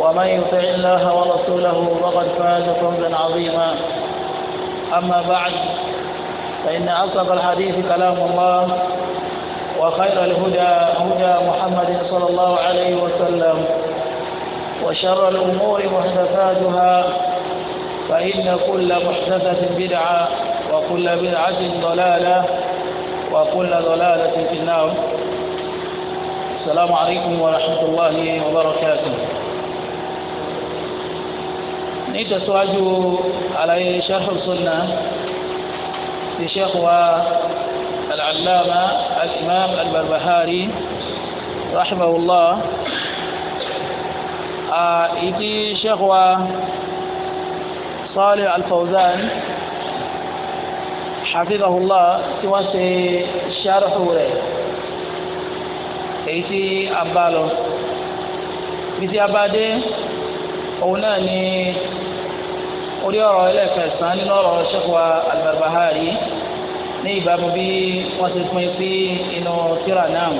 ومن يطع الله ورسوله فقد فاز فوزا عظيما أما بعد فإن أصدق الحديث كلام الله وخير الهدى هدى محمد صلى الله عليه وسلم وشر الأمور محدثاتها فإن كل محدثة بدعة وكل بدعة ضلالة وكل ضلالة في النار السلام عليكم ورحمة الله وبركاته ní ìtẹ̀síwájú àlàyé sharh sunnah ti sheikh wa al-allama al-imam al-barbahari rahimahullah ìdí sheikh wa salih al-fawzan hafidhahullah tí wọ́n ṣe sharhu rẹ̀ èyí tí a bá lọ bí tí a bá dé òun náà ni orí ọ̀rọ̀ ẹlẹ́ẹ̀kẹsàn nínú ọ̀rọ̀ ṣẹ́kọ̀ọ́ Al-Barbahari ní ìbámu bí wọ́n ti pín sí inú tírà náà.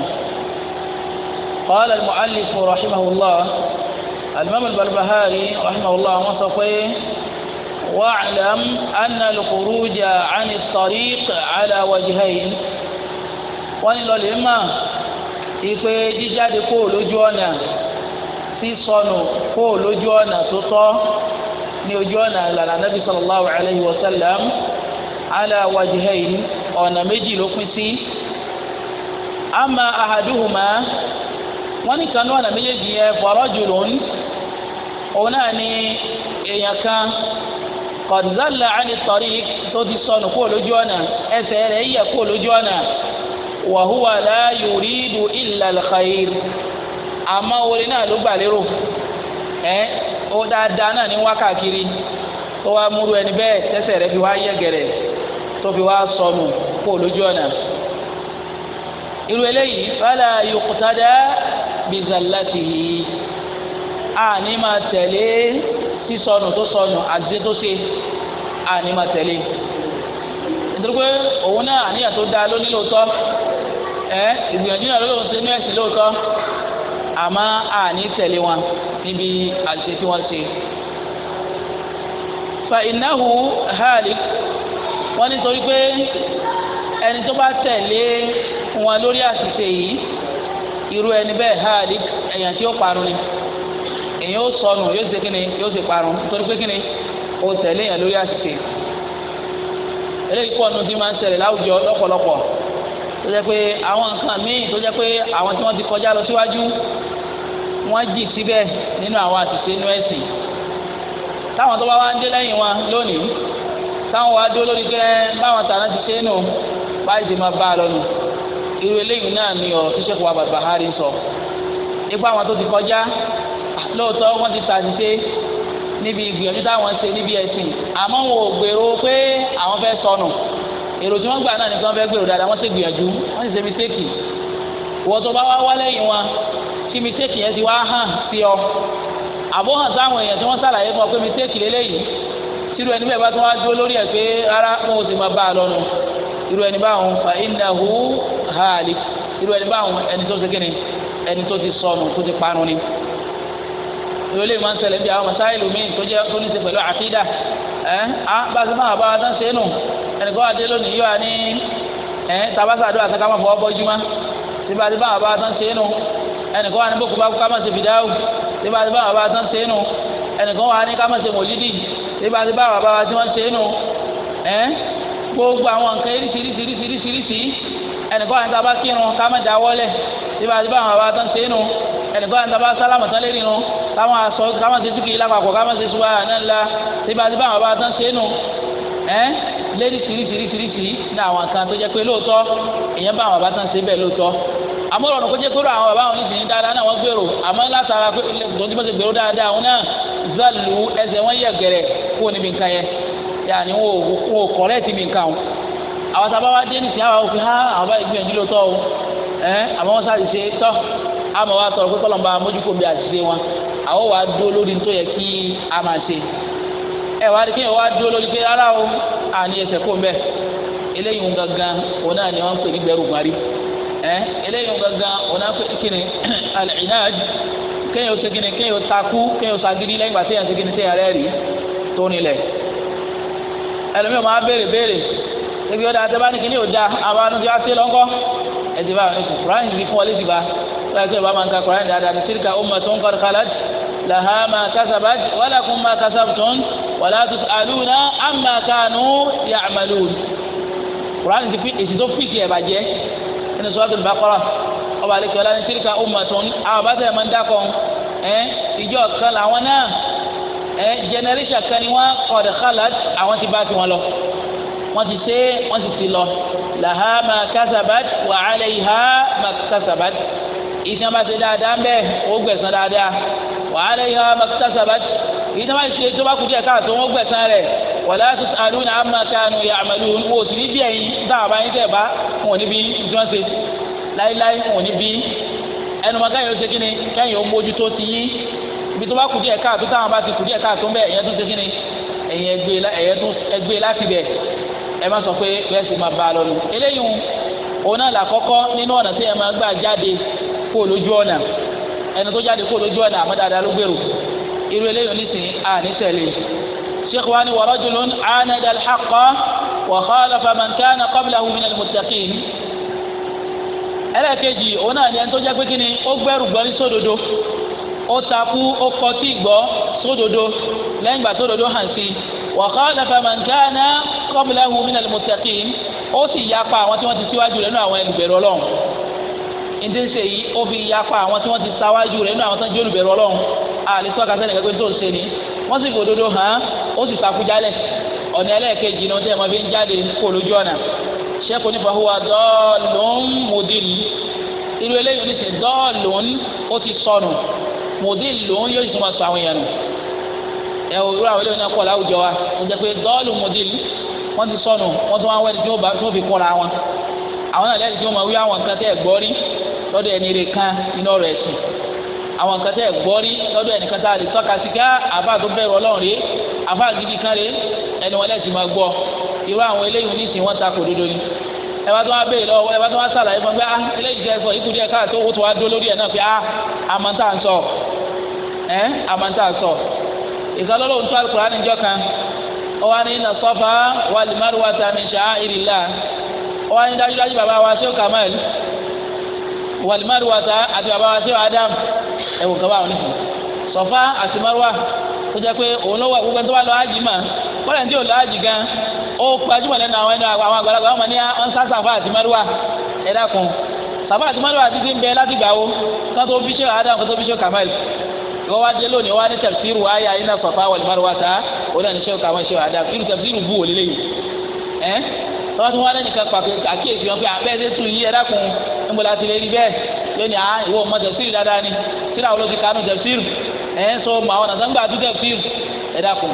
قال المؤلف رحمه الله الإمام البربهاري رحمه الله وصفه واعلم أن الخروج عن الطريق على وجهين wọ́n lọ lè mọ̀ ìpè jíjáde kó lójú ọ̀nà sísọnù kó lójú ọ̀nà tó tọ́ ní ojú ọ̀nà ìlànà nabi sallallahu alayhi wa sallam ala wajhayn ọ̀nà méjì ló pín sí ama ahaduhuma wọn ní kanú ọ̀nà méjèèjì yẹn farajulun òun náà ní èèyàn kan qad zalla ani tariq tó ti sọnù kó lójú ọ̀nà ẹsẹ̀ rẹ̀ yẹ kó lójú ọ̀nà wa la yuridu illa al-khayr àmọ́ orin náà ló gbà lérò ó dáadáa náà ní wákàkiri tó wá múru ẹni bẹ́ẹ̀ tẹ́sẹ̀ rẹ̀ fi wá yẹ̀gẹ̀rẹ̀ tó fi wá sọnù kó lójú ọ̀nà irú eléyìí fala yuqtada bizallatihi àní máa tẹ̀lé sísọnù tó sọnù àti tó ṣe àní máa tẹ̀lé nítorí pé òun náà àníyàn tó dáa ló ní lóòótọ́ ẹ ìgbìyànjú náà ló lóun ti ní ẹ̀sìn lóòótọ́ àmọ́ àní tẹ̀lé wọn níbi àṣẹ tí wọ́n ṣe. fa ìnáhu hàlì wọ́n ní torí pé ẹni tó bá tẹ̀lé wọn lórí àṣìṣe yìí irú ẹni bẹ́ẹ̀ hàlì èèyàn tí ó parun ni èèyàn ó sọnù yóò ṣe kíni yóò ṣe parun torí pé kíni ó tẹ̀lé èèyàn lórí àṣìṣe eléyìí pọ̀ nù tí máa ń ṣẹlẹ̀ láwùjọ lọ́pọ̀lọpọ̀ tó jẹ́ pé àwọn nǹkan míì tó jẹ́ pé àwọn tí wọ́n ti kọjá lọ síwájú. Si wọ́n jì síbẹ̀ nínú àwọn àṣìṣe inú ẹ̀sìn táwọn tó bá wá ń dé lẹ́yìn wọn lónìí táwọn wá dúró lórí pé báwọn tàná ti ṣe nù báyìí ti máa bá a lọ́nu irú eléyìí náà ni ọ̀rọ̀ tó ṣèkọ̀wá Barbahari ń sọ nípa àwọn tó ti kọjá lóòótọ́ wọ́n ti ṣàṣìṣe níbi ìgbìyànjú táwọn ṣe níbi ẹ̀sìn àmọ́ wọn ò gbèrò pé àwọn fẹ́ sọnù èrò tí wọ́n gbà náà ni kí wọ́n fẹ́ gbèrò dáadáa wọ́n ti gbìyànjú wọ́n sì ṣe mistake wọ́n tó bá wá wá lẹ́yìn wọn tí mistake yẹn ti wá hàn sí ọ àbó hàn sáwọn èèyàn tí wọ́n sàlàyé fún ọ pé mistake lélẹ́yìí tírú ẹni bẹ́ẹ̀ bá tún wá dúró lórí ẹ̀ pé rárá wọn ò sì máa bá a lọ́nu irú ẹni báwọn fa innahu halik irú ẹni báwọn ẹni tó ṣe kíni ẹni tó ti sọnù tó ti parun ni ìrọ̀lẹ́ ìmọ̀ ń ṣẹlẹ̀ bí àwọn masáìlú míì tó jẹ́ tó ní ṣe pẹ̀lú àkídà ẹ̀ á bá a ti máa bá a tán ṣe nù ẹnìkan wà dé lónìí yóò wá ní ẹ̀ tabasa àdúrà sẹ́ká máa fọwọ́ bọ́jú mọ́ síbi àti bá a bá a tán ṣe ẹnìkan wà ní bókun bá kú ká má ṣe fìdáwù tí bá ti bá bàbá tán ṣe é nu ẹnìkan wà ní ká má ṣe mòlídì tí bá ti bá bàbá tí wọ́n ṣe é nu ẹ́ gbogbo àwọn nǹkan eríṣiríṣiríṣiríṣi ẹnìkan wà ní ká bá kírun ká má dáwọ́lẹ̀ tí bá ti bá bàbá tán ṣe é nu ẹnìkan wà ní ká bá sálámà tán lé nínú káwọn aṣọ káwọn ṣe síkì lápapọ̀ káwọn ṣe ṣùgbọ́n àná ńlá tí bá ti bá bàbá tán ṣe é nu ẹ́ lérí tìrìtìrìtìrìtì ní àwọn kan tó jẹ́ pé lóòótọ́ èèyàn bá àmọ́ ọ̀rọ̀ kó jẹ́ pé àwọn bàbá àwọn ìsìn dáadáa náà wọ́n gbèrò àmọ́ látara pé lóun tí wọ́n ti gbèrò dáadáa àwọn náà zálù ẹsẹ̀ wọn yẹ gẹ̀rẹ̀ kó níbi nǹkan yẹn yàní wọn ò kọ̀rẹ́ ti mi nǹkan o àwọn sábà wá dé nìsín àwọn òfin hàn àwọn báyìí gbìyànjú ló tọ́ o ẹ àmọ́ wọn sáré ṣe tọ́ àmọ́ wa tọrọ pé kọ́lọ́mbà mójúkò bí àṣìṣe wọn àwọn wa dúró lórí tó yẹ kí a máa ṣe ẹ wá rí kí wọ́n wá dúró lórí pé rárá o àní ẹsẹ̀ kò ń bẹ̀ eléyìí ń gangan òun náà ni wọ́n ń pè ní gbẹrù gbárí ẹ eléyìí gangan onáfẹ́kìnì alìhàj kéèyàn ó segin kéèyàn ó takú kéèyàn ó sagidi lẹ́yìn ìgbà téèyàn segin téèyàn rẹ̀ rí tó nílẹ̀ ẹlòmíràn máa béèrè béèrè ebi ọ̀dà àtẹ́bání kìíní ò da àwọn anúdí àti lọ́ńkọ́ ẹ̀dì bá wọn kùránì ti fún ọ létí bá láti ẹ̀ bá máa ń ka kùránì dáadáa ní síríkà ó mọ̀ tó ń kọ́ni kálá làhá máa kásábà wàlá kún máa kásábà tó ń wàlá tó àlùna àmà kánú yà ti fi èsì tó nínú suratul Baqara ọba àlekè ọlá ní tíríkà ummatun àwọn bá tẹ̀lé máa ń dákọ̀ ẹ́ ìjọ kan làwọn náà ẹ́ generation kan ni wọ́n qad khalat àwọn ti bá tiwọn lọ wọ́n ti ṣe wọ́n ti ti lọ laha ma kasabat wa alayha ma kasabat ìtàn bá ṣe dáadáa ń bẹ́ẹ̀ ó gbẹ̀sán dáadáa wa alayha ma kasabat ìtàn bá ṣe tó bá kú díẹ̀ káàtó wọ́n gbẹ̀sán rẹ̀ wala tusaluna amma kanu ya'malun wò sí níbi ẹ̀yìn dáhàbá yín tẹ̀ bá wọn ò ní bí ìdúránṣe láíláí wọn ò ní bí ẹnu mọ káyọ̀ ṣe kí ni kẹ́yìn ó mójútó ti yín ibi tó bá kù díẹ̀ káàtó táwọn bá ti kù díẹ̀ káàtó ń bẹ̀ ẹ̀yẹ́ tún ṣe kí ni ẹ̀yìn ẹgbẹ́ láti bẹ̀ ẹ má sọ pé bẹ́ẹ̀ sì máa bá a lọ lù eléyìí òun náà làkọ́kọ́ nínú ọ̀nà tí ẹ máa gbà jáde kó lójú ọ̀nà ẹni tó jáde kó lójú ọ̀nà àmọ́ dáadáa ló gbèrò irú eléyìí onísìn àní tẹ̀lé Sheikh wa ni wa rajulun anada al-haqqa وخالف من كان قبله من المتقين ẹlẹ́ẹ̀kejì òun náà ni ẹni tó jẹ́ pé kí ni ó gbẹ́rù gbọ́ ní sódodo ó takú ó kọtí gbọ́ sódodo lẹ́yìn ìgbà sódodo hàn sí wa khalafa man kana qablahu min al-muttaqin ó sì yapa àwọn tí wọ́n ti síwájú rẹ̀ nínú àwọn olùbẹ̀rù ọlọ́run ìdíṣe yìí ó fi yapa àwọn tí wọ́n ti sáwájú rẹ̀ nínú àwọn tó ń jẹ́ olùbẹ̀rù ọlọ́run ọ̀nà ẹlẹ́ẹ̀kejì ni wọ́n tẹ́ ẹ̀ máa fi ń jáde kó lójú ọ̀nà ṣẹ́kù nípa huwa dọ́ọ̀lùn mùdìlù irú eléyìí ní sè dọ́ọ̀lùn ó ti sọnù mùdìlù yóò sì máa sọ àwọn èèyàn nù ẹ ò rúra eléyìí náà kọ̀ láwùjọ wa ó jẹ́ pé dọ́ọ̀lù mùdìlù wọ́n ti sọnù wọ́n tún wá wẹ́ni tí wọ́n fi kúnra wọn àwọn náà tí àwọn nǹkan tẹ́ ẹ̀ gbọ́ rí lọ́dọ̀ ẹnìkan tá a lè tọ́ka sí ká àbá tó bẹ̀rù ọlọ́run rè àbá gidi kan rè ẹni wọn lẹ́sìn máa gbọ́ irú àwọn eléyìí oníṣìí wọn ta kò dodo ni ẹ bá tó wá béèrè lọ́wọ́ ẹ bá tó wá sàlàyé fún mi pé ah eléyìí jẹ́ sọ ikú díẹ̀ káàtó owó tó wá dó lórí ẹ̀ náà pé ah àmọ́ntà ń sọ ẹ́ àmọ́ntà ń sọ ìsọlọ́lọ́ ń tó alukura níjọ́ kan ọwọ́ ní iná sọ́fà wà lìmárù wà tàmí ṣáá ìrìlá ọwọ́ ní dájúdájú bàbá wa ṣé Kamal wà lìmárù wà tà àti bàbá wa ṣé Adam ẹ̀wò kaba àwọn nìkan sọ́fà àti márùwà ó jẹ́ pé òun ló wà gbogbo ẹni tó bá lọ ájì máa kọ́lẹ̀ ní tí ò láàjì gan ó gbajúmọ̀ lẹ́nu àwọn ẹni àwọn àgbàlagbà wọn ní wọn sá sàfà àti márùwà ẹ dákun sàfà àti márùwà ti ti ń bẹ láti gbà wo kí wọ́n tó fi ṣe àádáa kí wọ́n tó fi ṣe kàmáìlì wọ́n wá dé lónìí wọ́n á ní tafsiru ayé ayé náà sọ̀fà wọ̀lì márùwà ta ó náà ní ṣe kàwọn ṣe àádáa irú tafsiru bú òlélẹ́ yìí ẹ́ wọ́n tún wá lẹ́nu kan pàpẹ́ àkíyèsí wọn pé abẹ́ ẹ̀ṣẹ̀ tún yí ẹ dákun níbo la ti lè rí bẹ́ẹ̀ lónìí à ìwọ ọmọ tafsiru dáadáa ni síra wo ló ti kánú tafsiru ẹ̀ ń sọ ọmọ àwọn nàzàǹgbà tún tafsiru ẹ dákun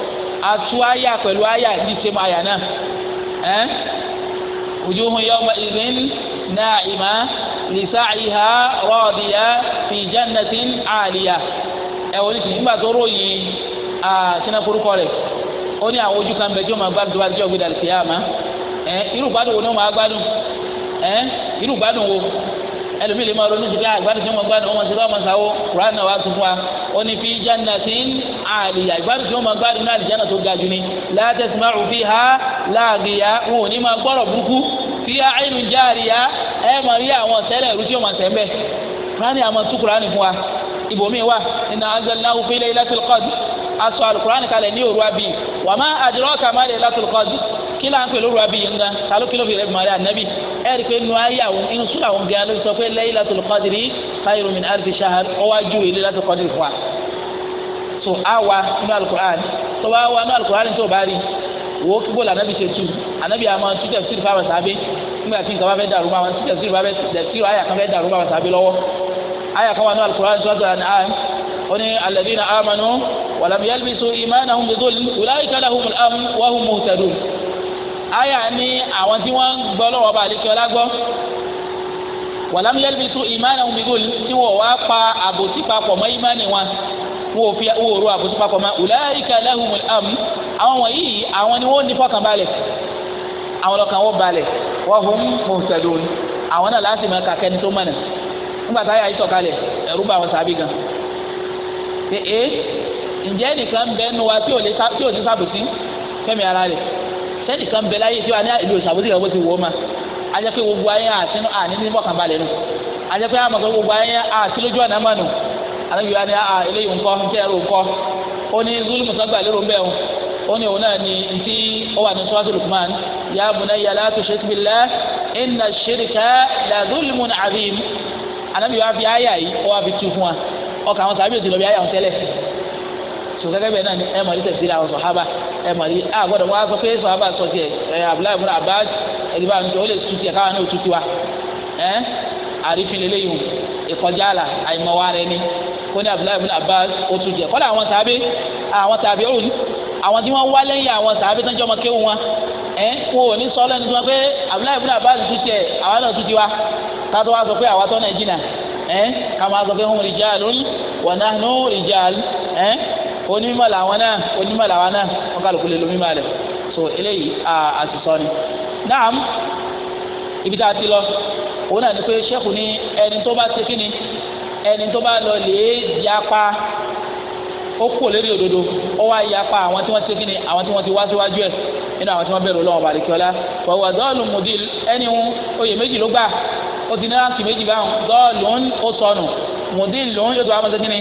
atu aya pẹ̀lú aya ní sẹ́mu aya náà ẹ́ wujuhun yawma idhin na'ima li sa'iha radiya fi jannatin 'aliya ẹ wọ́n ti nígbà tó ròyìn kíná forúkọ ó ní àwọn ojú kan máa gbádùn tó bá yá ma ẹ irú gbádùn wo ni máa gbádùn ẹ irú gbádùn wo ẹlòmíì lè máa ronú sí tí ó ní fi jannatin àlìyà ìgbádùn tí wọ́n máa gbádùn náà àlìjáná tó ga jù ni la tasma'u fiha laghiya wọn ò ní máa gbọ́rọ̀ burúkú fiha aynun jariya ẹ máa rí àwọn sẹ́lẹ̀ ìrú tí wọ́n máa sẹ́ mbẹ́ kúránì àmọ́ tú kúránì fún wa ibòmí wa inna anzalnahu fi laylatil qadr aṣọ alukurani kalẹ̀ ní òru abi wàmà àdìrọ́ kàmá laylatil qadr kí là ń pè lóru abi yìí ń gan ta ló kí ló fi rẹ̀ bí màrí ànábì ẹ̀rí pé nu ayé àwọn inú sùn àwọn gẹ̀ẹ́ ló sọ pé Laylatul Qadri khayrun min alfi shahr ọwájú Laylatul Qadri fún wa tó awa nínú alukur'an tó bá wa nínú alukur'an tó bá rí wo kíkó la anabi ṣe anabi àmọ́ tu tẹ̀síìrì fáwọn sábẹ́ nígbà tí nǹkan bá fẹ́ dàrú máa tu tẹ̀síìrì fáwọn fẹ́ dàrú máa sábẹ́ lọ́wọ́ àyà kan wà nínú alukur'an tó tó àná ó ní alladhina amanu wa lam yalbisu imanahum bi dhulmin ulaika lahumul amn wa hum muhtadun àyà ní àwọn tí wọ́n gbọ́ lọ́wọ́ bá àlekí ọlá gbọ́ wàlámù yẹlbisu ìmánà omigol tí wọ́n wá pa àbòsí papọ̀ mọ́ ìmánì wọn wọ́n ò fi wọ́n ò ro àbòsí papọ̀ mọ́ ulaika lahumul amn àwọn wọ̀nyí àwọn ni wọ́n ní fọkànbalẹ̀ àwọn lọ́kàn wọ́n balẹ̀ wa hum muhtadun àwọn náà láti mọ kàkẹ́ni tó mọ̀nà nígbà táyà yìí sọ̀kalẹ̀ ẹ̀rú bá wọn sábì gan ṣe é nìkan bẹ́ẹ̀ nu wa tí ò ní sábòsí fẹ́mi ara rẹ̀ sẹ́nìkan bẹ láyé tí wà ní ìlú ìṣàbòsí ìyàwó ti wò ó ma ajẹ́ pé gbogbo ayé àtinú àní ní mọ̀kànbalẹ̀ nù ajẹ́ pé àmọ̀ pé gbogbo ayé àtìlójú ọ̀nà mọ̀ nù alábi wa ni a eléyìí ńkọ́ ntẹ́ ẹ̀rọ ńkọ́ ó ní zulu musagba lérò ńbẹ́ ó ní òun náà ni ntí ó wà ní sọ́wọ́sì lukman ya bunayya la tushrik billah inna shirka la zulmun azim alábi wa fi ayé yìí ó wà fi tu fún wa ọkà àwọn sàbí òsì sọgẹ́gẹ́ bẹ́ẹ̀ náà ni ẹ mọ̀ ní tẹ̀síra àwọn sọ̀hábà ẹ mọ̀ ní àgọ́dọ̀ wọn á sọ pé sọ̀hábà sọ tiẹ̀ ẹ abdullahi ibn abbas ẹni bá ń jọ ó lè tu tiẹ̀ káwọn náà tu tiwa ẹ àrífin lélẹ́yìn ìkọjá àlà àìmọ̀wá rẹ ni kó ní abdullahi ibn abbas ó tu tiẹ̀ kọ́dà àwọn sàbẹ̀ àwọn sàbẹ̀ òun àwọn tí wọ́n wá lẹ́yìn àwọn sàbẹ̀ tán jọmọ kéwù wọn ẹ wọn ò ní sọ lẹ́nu tí wọ́n pé onímọ̀ làwọn náà onímọ̀ làwọn náà wọn kálukú lè lómi máa lẹ̀ so eléyìí àtúnṣọ ni naam ibi tá a ti lọ òun náà ni pé sẹ́kù ni ẹni tó bá ṣe kíni ẹni tó bá lọ lè yapa ó kú lórí òdodo ó wá yapa àwọn tí wọ́n ṣe kíni àwọn tí wọ́n ti wá síwájú ẹ̀ nínú àwọn tí wọ́n bẹ̀rù lọ́wọ́ balikiola wàwà zọ́ọ̀lù mùdíl ẹni wọn oyè méjì ló gbà ó ti ní láǹkì méjì báwọn zọ́ọ̀lù ń ó sọnù mùdíl lòún yóò tó wá mọ́ ṣe kíni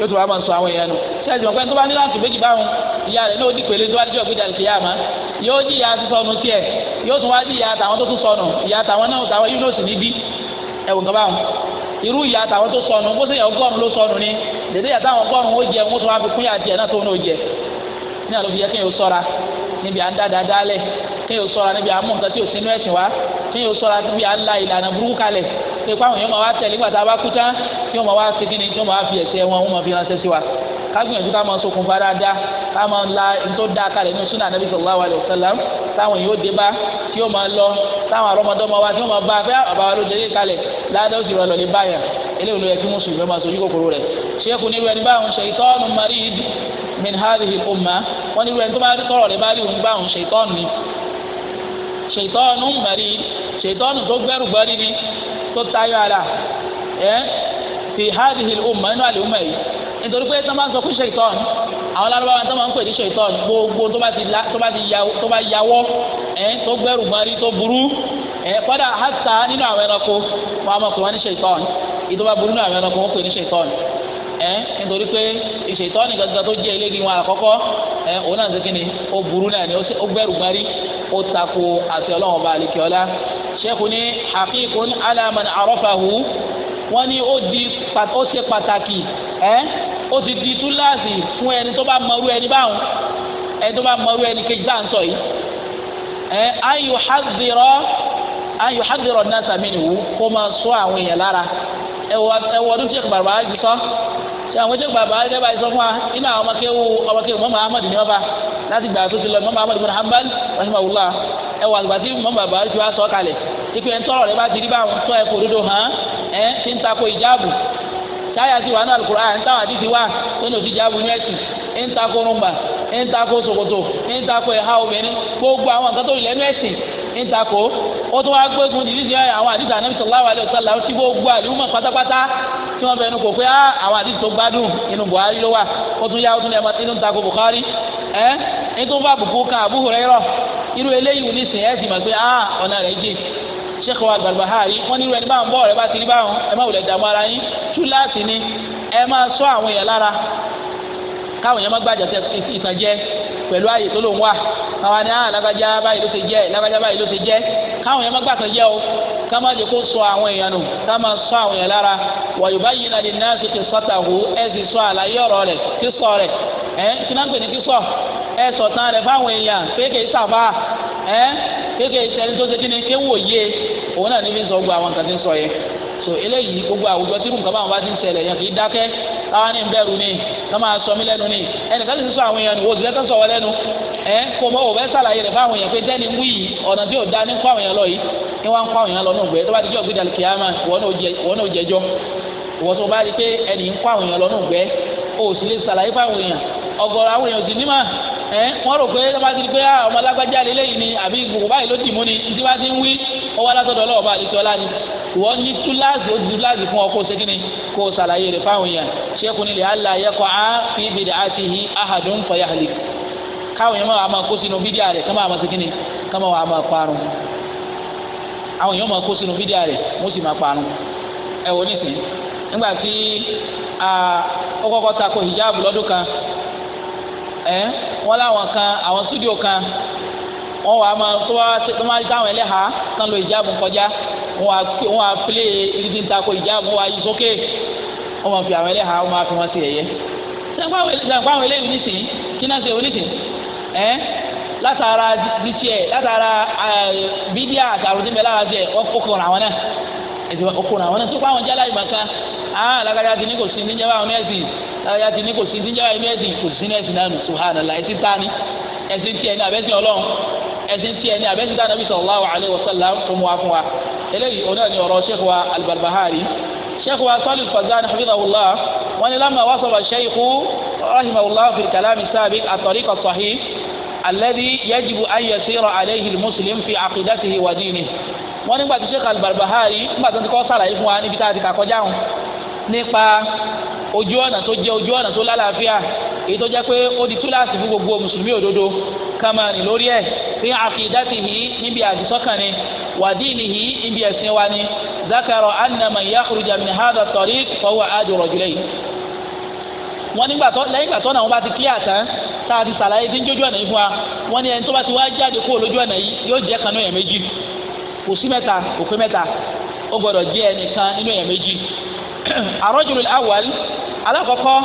yóò tún wá máa sọ àwọn èèyàn nù ṣé ẹ̀sìn ọ̀pẹ́ tó bá ní láǹtì méjì báwọn ìyá rẹ̀ náà dìpele tó bá díjọ́ gbé dàlùkì yá àmá yóò jí ìyá sísọnù tiẹ̀ yóò tún wá jí ìyá àtàwọn tó tún sọnù ìyá àtàwọn náà tàwọn yìí ló sì ní bí ẹ̀wọ̀n kan báwọn irú ìyá àtàwọn tó sọnù bó ṣe yẹ ọgọ́rùn ló sọnù ni dèdè àtàwọn ọgọ́rùn ó jẹ wọn tún wá fi kún yà tiẹ̀ náà tó ń jẹ ní àlọ́ ṣe pé àwọn èèyàn máa wá tẹ̀lé nígbà tá a bá kú tán tí wọ́n máa wá ṣe kíni tí wọ́n máa wá fi ẹ̀ṣẹ̀ wọn wọ́n máa fi ránṣẹ́ sí wa ká gbìyànjú ká máa sokùn fa dáadáa ká máa la tó dáa kalẹ̀ nínú sunnah anabi sallallahu alayhi wa sallam táwọn èèyàn ó dé bá tí ó máa lọ táwọn àrọ́mọdọ́ máa wá tí wọ́n máa bá fẹ́ ah, bàbá wa ló délé kalẹ̀ ládàá ó sì rọ̀ lọ́lé báyà eléyìí ló yẹ kí mùsùlùmí máa sojú kòkòrò rẹ̀ ṣéèkù ní ìwé ẹni báwọn ṣaitanu marid min hadhihi umma wọn ní ìwé ẹni tó bá tọrọ rẹ̀ bá rí òun báwọn ṣaitanu ni ṣaitanu marid ṣaitanu tó gbẹrù gbọ́rí ni tó tayọ ara ẹ fi hadhihi al-umma inú àlè umma yìí nítorí pé tó máa ń sọ fún ṣèitọ́n àwọn lárúbáwá tó máa ń pè ní ṣèitọ́n gbogbo tó bá yawọ́ ẹ tó gbẹrù mọ́rí tó burú ẹ kọ́dà hàtà nínú àwọn ẹranko wọn a máa pè wọ́n ní ṣèitọ́n ìtọ́ba burú nínú àwọn ẹranko wọ́n pè ní ṣèitọ́n ẹ nítorí pé ìṣèitọ́n nìkan tó jẹ́ eléyìí wọn àkọ́kọ́ ẹ òun náà ń sẹ́kìnni ó burú náà ni ó gbẹrù mọ́rí ó tako àti ọlọ́run ọba àlekèọ́lá sheikh ni haqiqun ala man arafahu wọ́n ní ó di ó ṣe pàtàkì ẹ́ ó ti di túláàsì fún ẹni tó bá mọrú ẹni báwọn ẹni tó bá mọrú ẹni kejì bá ń sọ yìí ẹ́ an yuhadhdhira an yuhadhdhira an-nasa minhu kó máa sọ àwọn èèyàn lára ẹwọ ọdún sheikh bàbá yìí sọ ṣe àwọn sheikh bàbá yìí dábàá sọ fún wa nínú àwọn ọmọkéwu mọ́mọ́ ahmed ní wọ́n bá láti gbà tó ti lọ mọ́mọ́ ahmed ẹwà àgbà tí mọ bàbá ju aṣọ kalẹ̀ ikú ẹni tọrọ rẹ bá ti rí báwọn tọ ẹ kò hàn ẹ ti ń takò ìjáàbù táyà ti wà ní alukura ẹ ń táwọn àdìsí wà tó ní òfin ìjáàbù ní ẹsìn ẹ ń ẹ ń ẹ ń obìnrin gbogbo àwọn nǹkan tó ẹsìn ẹ ń ó tún wá gbogbo pátápátá tí kò pé àwọn àdìsí tó gbádùn inú Buhari ló wà ó tún yá ó tún inú ń irú eléyìí nísìnyí ẹ sì mọ̀ pé ah ọ̀nà rẹ̀ jìn Sheikh wa Al-Barbahari wọ́n ní irú ẹni báwọn bọ́ọ̀ rẹ̀ bá ti rí báwọn ẹ má wulẹ̀ dààmú ara yín túláàsì ni ẹ máa sọ àwọn èèyàn lára káwọn èèyàn má gbàjà ìtànjẹ pẹ̀lú ààyè tó ló ń wà káwọn ni ah lágbájá báyìí ló ti jẹ́ lágbájá báyìí ló ti jẹ́ káwọn èèyàn má gbàtànjẹ o ká má jẹ́ kó sọ àwọn èèyàn nù ká má sọ àwọn èèyàn lára wa yubayyina lin-nasi qissatahu ẹ̀ sì sọ àlàyé ọ̀rọ̀ rẹ̀ kísọ̀ rẹ̀ ẹ̀ kí náà ń pè ní kísọ̀ ẹ sọ̀tàn rẹ̀ fáwọn èèyàn kéèké sàfà ẹ kéèké sẹni tó ṣe kí ni kéwò yé òun náà níbi sọ gbogbo àwọn nǹkan tí ń sọ yẹn so eléyìí gbogbo àwùjọ tí nǹkan báwọn bá ti ń ṣẹlẹ̀ yẹn kì í dákẹ́ káwọn ní bẹ̀rù ni káwọn máa sọ mí lẹ́nu ni ẹnìkan sì ń sọ àwọn èèyàn lẹ́nu ẹ kò mọ sàlàyé rẹ̀ fáwọn èèyàn pé tẹ́ni wí ọ̀nà tí ò da ní èèyàn lọ yìí ni wọ́n ń kó èèyàn lọ nùgbẹ́ tó bá ti jẹ́ ògbé ẹ eh, wọ́n rò pé wọ́n bá ti di pé ah, ọmọ alágbájá lélẹ́yìn ni àbí gbogbo báyìí ló mú ni ti ń wí wọ́n wá látọ̀dọ̀ ọlọ́wọ́ bá ni wọ́n ní túláàsì ó di túláàsì fún ọ kó ṣe kíni kó ṣàlàyé rẹ̀ fáwọn èèyàn ṣẹ́kùn nílẹ̀ àlà yẹkọ̀ á fi bìdà á ti hi ahadùn fọyàhálì káwọn èèyàn máa máa kó sínú kọ́ máa máa ṣe kíni kọ́ máa máa parun àwọn máa ẹ wò nísìnyí nígbà tí ah, hijab lọ́dún kan wọ́n láwọn kan àwọn studio kan wọ́n wàá máa tó wá tó máa táwọn ẹlẹ́hà tán lo ìjáàbù kọjá wọ́n wàá filé ìdí ntako ìjáàbù wọ́n wàá yí sókè wọ́n máa fi àwọn ẹlẹ́hà wọ́n máa fi wọ́n ti ẹ̀yẹ. sẹ́ńpá àwọn eléyìí nísìnyí kí náà ṣe oníṣìí ẹ́ látara dìtìẹ̀ látara bídíà àtàrò tí mẹ́lára jẹ́ ọkùnrin àwọn náà ọkùnrin àwọn náà tó kọ́ àwọn jálá ìgbà kan ah lágbàdá ti ní kò sí níjẹ́ báwọn mẹ́sìn ẹ̀yà ti ní kò sí ní jẹ́wọ́ ẹ̀mẹ́sìn kò sí ní ẹ̀sìn náà subhanallah ẹ̀sìn tá ni ẹ̀sìn tiẹ̀ ní abẹ́sìn ọlọ́run ẹ̀sìn tiẹ̀ ní abẹ́sìn tá nàbí sallallahu alaihi wasallam tó mu wá fún wa eléyìí ọ̀nà ni ọ̀rọ̀ sheikh wa albarbahari sheikh wa salih fazan hafidhahullah wọn ni lamma wasaba sheikh rahimahullah fi kalami sabiq at-tariq as-sahih alladhi yajibu an yasira muslim fi aqidatihi wa dinihi wọn nígbà tí sheikh albarbahari nígbà tó ti kọ́ sàlàyé fún wa níbi tá a ti kà kọjá hàn nípa ojú ọ̀nà tó jẹ́ ojú ọ̀nà tó lálàáfíà èyí tó jẹ́ pé ó di túláàsì fún gbogbo mùsùlùmí òdodo kama ni lórí ẹ̀ fi àkìdátìhì níbi àdìsọ́kàn ni wàdínìhì níbi ẹ̀sìn wa ni zakaro anama yakuruja min hada fọwọ́ adùrọ̀ yìí. wọ́n nígbà tó lẹ́yìn ìgbà tó náà wọ́n bá ti kílíà tá a ti sàlàyé tí jójú ọ̀nà yìí fún wa wọ́n ní ẹni tó bá ti wá jáde lójú ọ̀nà yìí yóò jẹ́ arọ́jùlù awal alákọ̀ọ́kọ́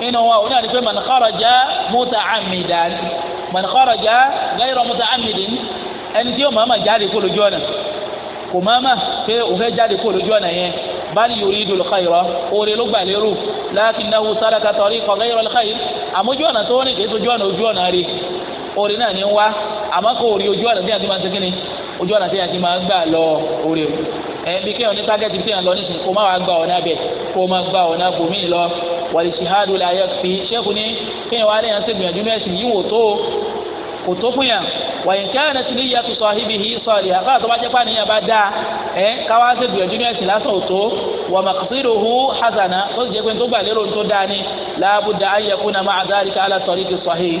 nínú wa òun náà ni pé man kharaja muta'ammidan man kharaja ghayra muta'ammidin ẹni tí yóò máa ma jáde kó lójú ọ̀nà kò máa ma pé òun fẹ́ jáde kó lójú ọ̀nà yẹn bal yuridul khayra oore ló gbà lérò lakinnahu salaka tariqa ghayra al-khayr àmójú ọ̀nà tó ní kìí sojú ọ̀nà ojú ọ̀nà rí oore náà ní wá àmọ́ kò rí ojú ọ̀nà tí a ti máa ń segin ni ojú ọ̀nà tí a ti máa gbà lọ oore o ẹ̀ẹ́dì kéèyàn ní tágẹ́tì kéèyàn lọ nísìnyí kó má wàá gba ọ̀nà bẹ̀ kó má gba ọ̀nà bòmí lọ wàlí sihadu la yẹ fi sẹ́kù ní kéèyàn wà lẹ́yìn ṣe gbìyànjú mẹ́sìn yìí wò tó kò tó fún yàn wàyí kẹ́hìn ti ní yàtọ̀ sọ ibi yìí sọ ọ̀lẹ́ àkàtà tó bá jẹ́ pàníyàn bá dáa ẹ káwá ṣe gbìyànjú mẹ́sìn lásán ò tó wà màkàtúròhù hasana ó sì jẹ́ pé tó gbà tó dáa ni láàbùdà ayẹkùn náà máa alásọ̀rí ti sọ̀hìn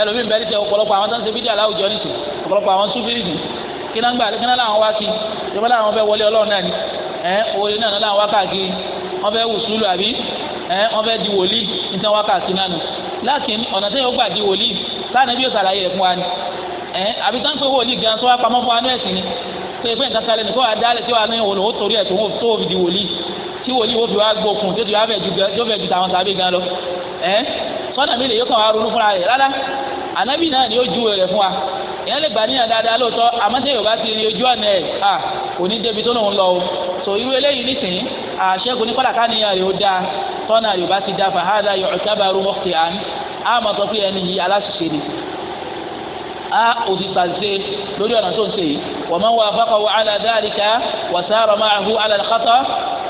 ẹlòmíì bẹ́ẹ̀ níṣẹ́ ọ̀pọ̀lọpọ̀ àwọn sáńsẹ̀ bídíà láwùjọ nìṣẹ́ ọ̀pọ̀lọpọ̀ àwọn súbírìdì kíná gbà kíná làwọn wá sí ìjọba làwọn fẹ́ wọlé ọlọ́run náà ni ẹ òye náà làwọn wá káàkiri wọn fẹ́ wùsùlù àbí ẹ wọn fẹ́ di wòlíì níta wá káàkiri náà nù lákìn ọ̀nà tẹ́yìn ó gbà di wòlíì sáànà bí ó sàlàyé rẹ̀ fún wa ni ẹ àbí táǹpé wòlíì gan sọ ni pé pé nǹkan kalẹ̀ nìkọ́ àdáálẹ̀ tí wàá ní òòlù ó torí ẹ̀ tó tó fi di wòlíì tí wòlíì ó fi wá gbókun mi lè yóò kàn wá ronú fúnra ànábì náà ni ó ju rẹ̀ fún wa èèyàn lè gbà níyàn dáadáa lóòótọ́ àmọ́ tí yorùbá ti rin ojú ọ̀nà ẹ̀ à kò ní débi tó lòun lọ o tó irú eléyìí nísìnyí àṣẹ́gun ní kọ́lá káníyàn rẹ̀ ó dáa tọ́nà yorùbá ti da fàhádà yu'tabaru mukhti'an á mọ̀ sọ pé ẹni yìí aláṣìṣe ni a òsì sàṣe lórí ọ̀nà tó ń ṣe yìí wa man wafaqahu ala dhalika wa sara ma'ahu ala al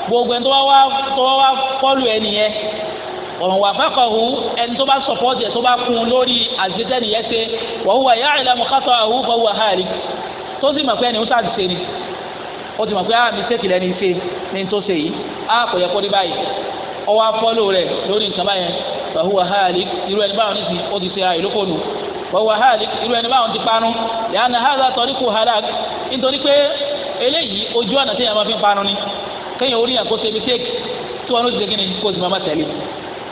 gbogbo ẹni tó wá wá fọ́lù ẹni yẹn wà fẹ́kọ̀ hu ẹni tó bá sọ̀pọ̀tì ẹ̀ tó bá kún un lórí àṣetẹ́ nìyẹn ṣe wọ́n wà yá ìlànà kátó àhú fọ́ wà hàlì tó sì mọ̀ pé ẹni wọ́n sàdìsẹ́ ni ó ti mọ̀ pé àmì ah, ṣèkì lẹ́ni ṣe ni tó ṣe yìí á ah, kò yẹ kó rí báyìí ọwọ́ afọ́lò rẹ̀ lórí nǹkan báyẹn fọ́ wà hàlì irú ẹni báwọn nísìnyí ó ti ṣe àìlókòlù wọ́wọ́ halik irú ẹni báwọn ti panu yàrá hàzà tọ́ríkù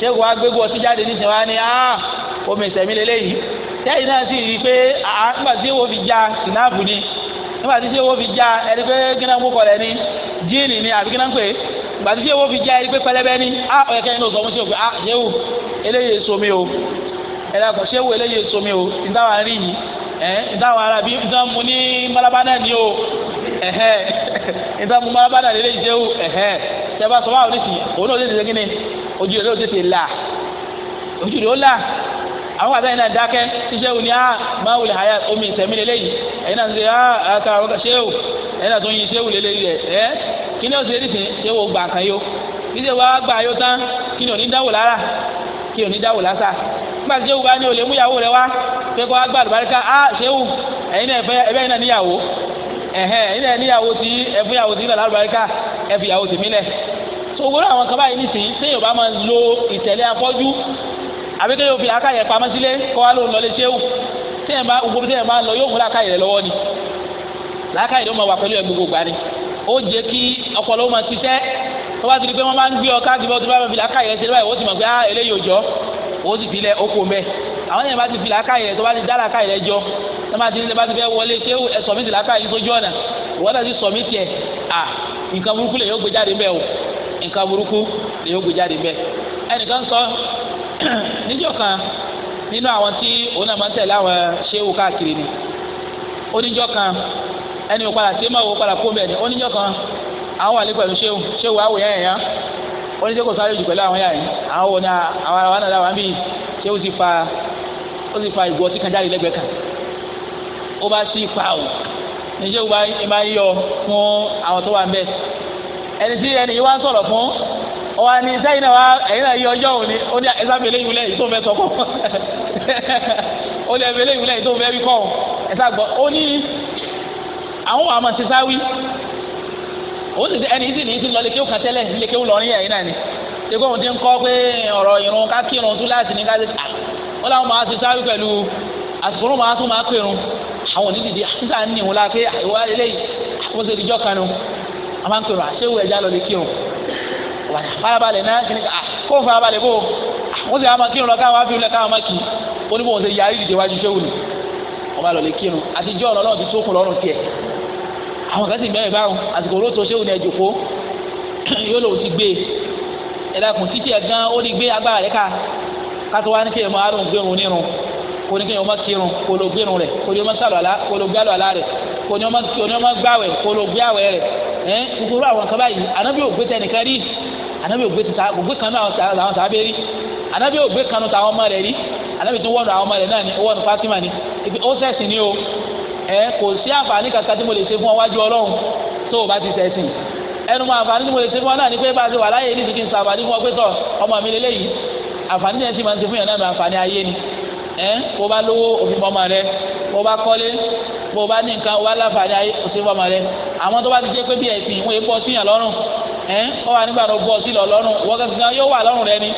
ṣéèkù wa gbégbó ọtí jáde níṣẹ́ wa ni ah omi ìsẹ̀mí lélẹ́yìí tẹ́yìn náà sì rí i pé ah, nígbà tí owó fi já sinapu ni nígbà tí owó fi já ẹni pé gíná mú kọlẹ̀ ni jíìnì ni àbí gíná ń pè é nígbà tí owó fi já ẹni pé pẹlẹbẹ ni ah ọ̀yẹ̀kẹ́ yẹn ló sọ fún ṣéèkù ah ṣéèkù eléyìí èso mi o ẹ̀rọ àkọ́ ṣéèkù eléyìí o ìdáwà rí yìí ẹ̀ ìdáwà ara bí nǹkan mu ní malaba náà ni o ẹ̀hẹ́ nǹkan mu malaba náà lélẹ́yìí ṣéèkù ojú rẹ̀ ló tètè là ojú rẹ̀ ó là àwọn àbẹ́yìn náà dákẹ́ ṣíṣẹ́ wù ní a ah, máa wulẹ̀ àyà omi ìsẹ̀mí lélẹ́yìn ẹ̀yin náà ṣe àkà ọ̀gá ṣéwù ẹ̀yin náà tó yin ṣéwù lélẹ́yìn rẹ̀ ẹ́ kí ni ó ṣe nísìn ṣéwù gbà kan yó níṣẹ́ wàá gbà yó tán kí ni ò ní dáwò lára kí ni ò ní dáwò lásà nígbà tí ṣéwù bá ní olè múyàwó rẹ wá pé kó wá gbà àlùbáríkà á ah, ṣéwù ẹ̀yin náà ẹ̀yin náà níyàwó ẹ̀hẹ́n ẹ̀yin náà níyàwó tí ẹ̀fúnyàwó tí ń lọ lálùbáríkà ẹ̀fìyàwó tèmi lẹ̀ so wúrọ̀ àwọn kan báyìí nìsín sẹ́yìn ọba máa lo ìtẹ̀lé afọ́jú àbí kéèyàn fi akáyẹ̀ pamọ́ sílé kọ́ wa ló ń lọlé ṣéwù sẹ́yìn bá gbogbo sẹ́yìn bá ń lọ yóò mú làákàyè lọ́wọ́ ni làákàyè ló máa wà pẹ̀lú ẹ̀ gbogbo gbà ni ó jẹ́ kí ọpọlọ máa ṣiṣẹ́ tó bá ti di pé wọ́n máa ń gbé ọ káàkiri bá tó bá fi làákàyè rẹ ṣe báyìí ó ti ah eléyìí ò jọ ti filẹ̀ ó kò mẹ́ àwọn èèyàn bá ti fi làákàyè rẹ tó bá ti dá làákàyè rẹ jọ tó bá ti ní bá ti fẹ́ wọlé ṣé ẹ̀sọ́ mi ti làákàyè sójú ọ̀nà ìwọ́n náà ti sọ mí tiẹ̀ nǹkan burúkú lè yóò gbé jáde mbẹ́ o nǹkan burúkú lè yóò gbé jáde bẹ́ẹ̀ ẹnìkan sọ níjọ́ kan nínú àwọn tí òun náà máa ń tẹ̀lé àwọn ṣéwù káàkiri ni oníjọ́ kan ẹni òpadà tí máa wò padà kó bẹ́ẹ̀ ni oníjọ́ kan àwọn wà lé pẹ̀lú ṣéwù ṣéwù àwò yẹn yẹn kò sáré jù pẹ̀lú àwọn àwọn wò ni àwọn náà bí ṣéwù ti fa ó sì fa ìgò ọtí kan jáde fún àwọn tó ẹni tí ẹni yìí wá ń sọ̀rọ̀ fún ọwọ́ ni sẹ́yìn náà wá ẹ̀yìn náà yí ọjọ́ òní ó ní ẹ̀sàbí eléyìí lẹ́yìn tó fẹ́ sọ kọ́ ó ní ẹ̀sàbí eléyìí lẹ́yìn tó fẹ́ wí kọ́ ẹ̀sàgbọ́ ó ní àwọn àmọ̀ ti sáwí ó sì ẹni tí ní ti lọ lékeu kan tẹ́lẹ̀ lékeu lọ níyà yìí náà ni ṣégbó òun ti ń kọ́ pé ọ̀rọ̀ irun ká kírun tú láti ní ká ṣe ah, ó láwọn máa ti sáwí pẹ̀lú àsìkò máa tún máa kírun àwọn òní dìde àtúntà ń ní ìwọlá pé àìwá ah, eléyìí àkóso ìdíjọ́ kan nù a máa ń pè wá ṣé wù ẹja lọ lè kí o farabalẹ̀ náà kí ni ká ah, kó farabalẹ̀ bò ah, wọ́n sì máa kírun lọ káwọn afi lẹ káwọn máa kì ó ní bò wọ́n sì yarí dìde wájú ṣé wù ni wọ́n máa lọ lè kírun àti jọ́ ọ̀nà náà ti tó kùn lọ́rùn tiẹ̀ àwọn kan sì mẹ́rin báwọn àsìkò olóòtú ṣé ni ẹjọ́ kó yóò lòun ti gbé e. ẹ dákun títí ẹ gan ó ní gbé agbára rẹ ká kátó wá ní kéèyàn máa rùn gbérun nírun kò ní kéèyàn máa kírun kò ló gbérun rẹ kò ní ọmọ sàlọ̀ àlá kò ló gbé àlọ́ àlá rẹ kò ní ọmọ gbáwẹ̀ kò ló gbé àwẹ̀ rẹ ẹ gbogbo àwọn kan báyìí anabi ò gbé tẹnìkan rí anabi ò gbé tẹ kò gbé kanú àwọn sábẹ rí anabi ò gbé kanú tàwọn ọmọ rẹ rí anabi tún wọnú àwọn ọmọ rẹ náà ni ó wọnú Fatima ni ó ṣẹ̀sìn ni o ẹ kò sí àǹfààní kankan tí mo lè ṣe fún ọ wájú Ọlọ́run tó o bá ti ṣẹ̀sìn ẹnu mọ àǹfààní tí mo lè ṣe fún ọ náà ni pé bá a ṣe wà láyé ní ti kí n sa àǹfààní fún ọ pé tọ ọmọ mi lélẹyìí àǹfààní tí ẹ ti máa ń ṣe fún yàn náà àǹfààní ayé ni ẹ kó bá lówó òfin mọ́ ọmọ rẹ kó bá kọ́lé kó bá ní nǹkan wà láǹfààní ayé òsínfọ́mọ rẹ àwọn tó bá ti jẹ́ pé bí ẹ̀sìn ìwọ̀n èèpọ̀ sí yàn lọ́rùn ẹ̀ ọ wà nígbà tó bọ́ sí lọ lọ́rùn wọ́kẹ́sì náà yóò wà lọ́rùn rẹ ni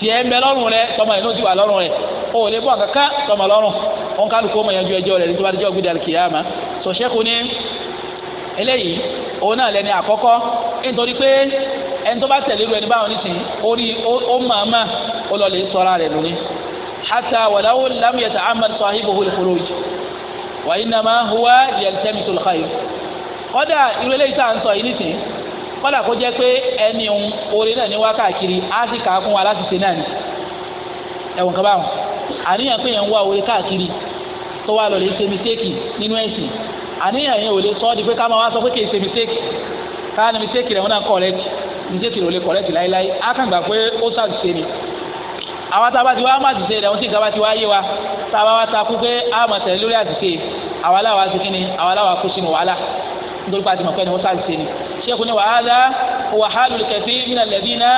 tiẹ̀ ń bẹ lọ́rùn rẹ tọmọ ìlú ti wà lọ́rùn rẹ o ò lè bọ́ kankan tọmọ lọ́rùn wọn kálukú ọmọ yanjú ẹjọ́ rẹ ní tó bá ti jẹ́ ògbé dàlùkì yá ma sọ sẹ́kù ni eléyìí òun náà lẹni àkọ́kọ́ nítorí pé ẹni tó bá tẹ̀lé irú ẹni báwọn nísìn orí ó màmá ó lọ lè sọra rẹ̀ lórí hatta wàláwó lámúyẹ̀tà ahmed sọ ahíbo hulẹ̀ kúrò huwa yẹlẹtẹ́mi tó kọ́dà irú eléyìí tá à ń sọ yìí nìsín kọ́dà kó jẹ́ pé ẹni òun orin náà ní wákàkiri á sì kà á fún wa láti ṣe náà ni ẹ̀wọ̀n kan báwọn àníyàn pé yẹn ń wá orin káàkiri tó wà lọ́lẹ̀ ṣe mistake nínú ẹ̀sìn àníyàn yẹn ò lè sọ ọ́ di pé ká máa wá sọ pé kì í ṣe mistake ká ní mistake rẹ̀ wọ́n náà correct mistake rẹ̀ ò lè correct láéláé á kàn gbà pé ó ṣàtúnṣe ni àwọn tá a bá ti wá má ti ṣe rẹ̀ wọ́n ti bá ti wá yé wa tá a bá wá takú pé á mọ̀ tẹ̀lé lórí àtìṣe àwa láwa ti kíni àwa láwa kú sínú wàhálà nítorí pàṣẹ mọ̀ pé ni wọ́n sáré ṣe ni ṣéèkù ni wàhálà wàhálù kẹfì nínú ẹlẹ́bí náà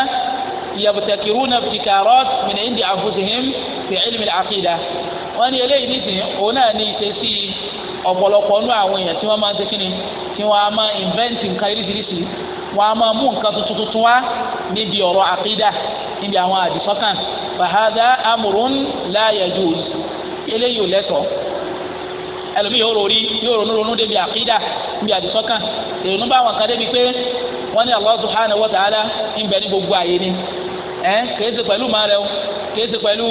yàbùtàkìrú náà fi kàrọ́ mìíràn ìdí àfúsìhìm fi ẹ̀lìmì àkìdá wọ́n ní eléyìí nìsín òun náà ní ìṣesí ọ̀pọ̀lọpọ̀ nú àwọn èèyàn tí wọ́n máa ń ṣe kíni tí wọ́n á máa invent nǹkan irísirísi wọ́n á máa mú nǹkan tuntun tuntun wá níbi ọ̀rọ̀ àkìdá níbi àwọn àdìsọ́kàn fàhádà amúrún láyàjú eléyìí ò ẹlòmíì yóò rori yóò ronú ronú débi àkídà níbi àdìsọ́kàn ìrònú kan débi pé wọ́n ní Allah subhanahu wa ta'ala ń bẹ ní gbogbo àyè ni ẹ kìí pẹ̀lú màá o kìí pẹ̀lú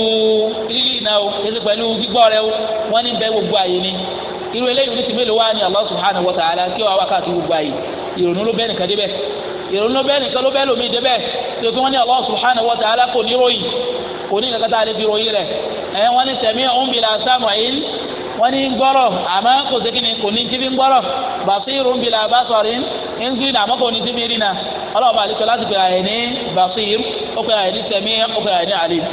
rírì náà o kìí pẹ̀lú gbígbọ́ rẹ o wọ́n ní bẹ gbogbo àyè ni irú eléyìí ní tìmílì wá ní Allah kí wọ́n gbogbo ìrònú ló bẹ́ẹ̀ ìrònú wani ní ama ko kò ko kíni kò ní tíbi gbọ́rọ̀ basirun bila basarin ń gbìn àmọ́ kò ní tíbi rìn náà ọlọ́run bá àlejò láti pè àyè ní basir ó pè àyè ní sẹ̀mí ó pè àyè ní alim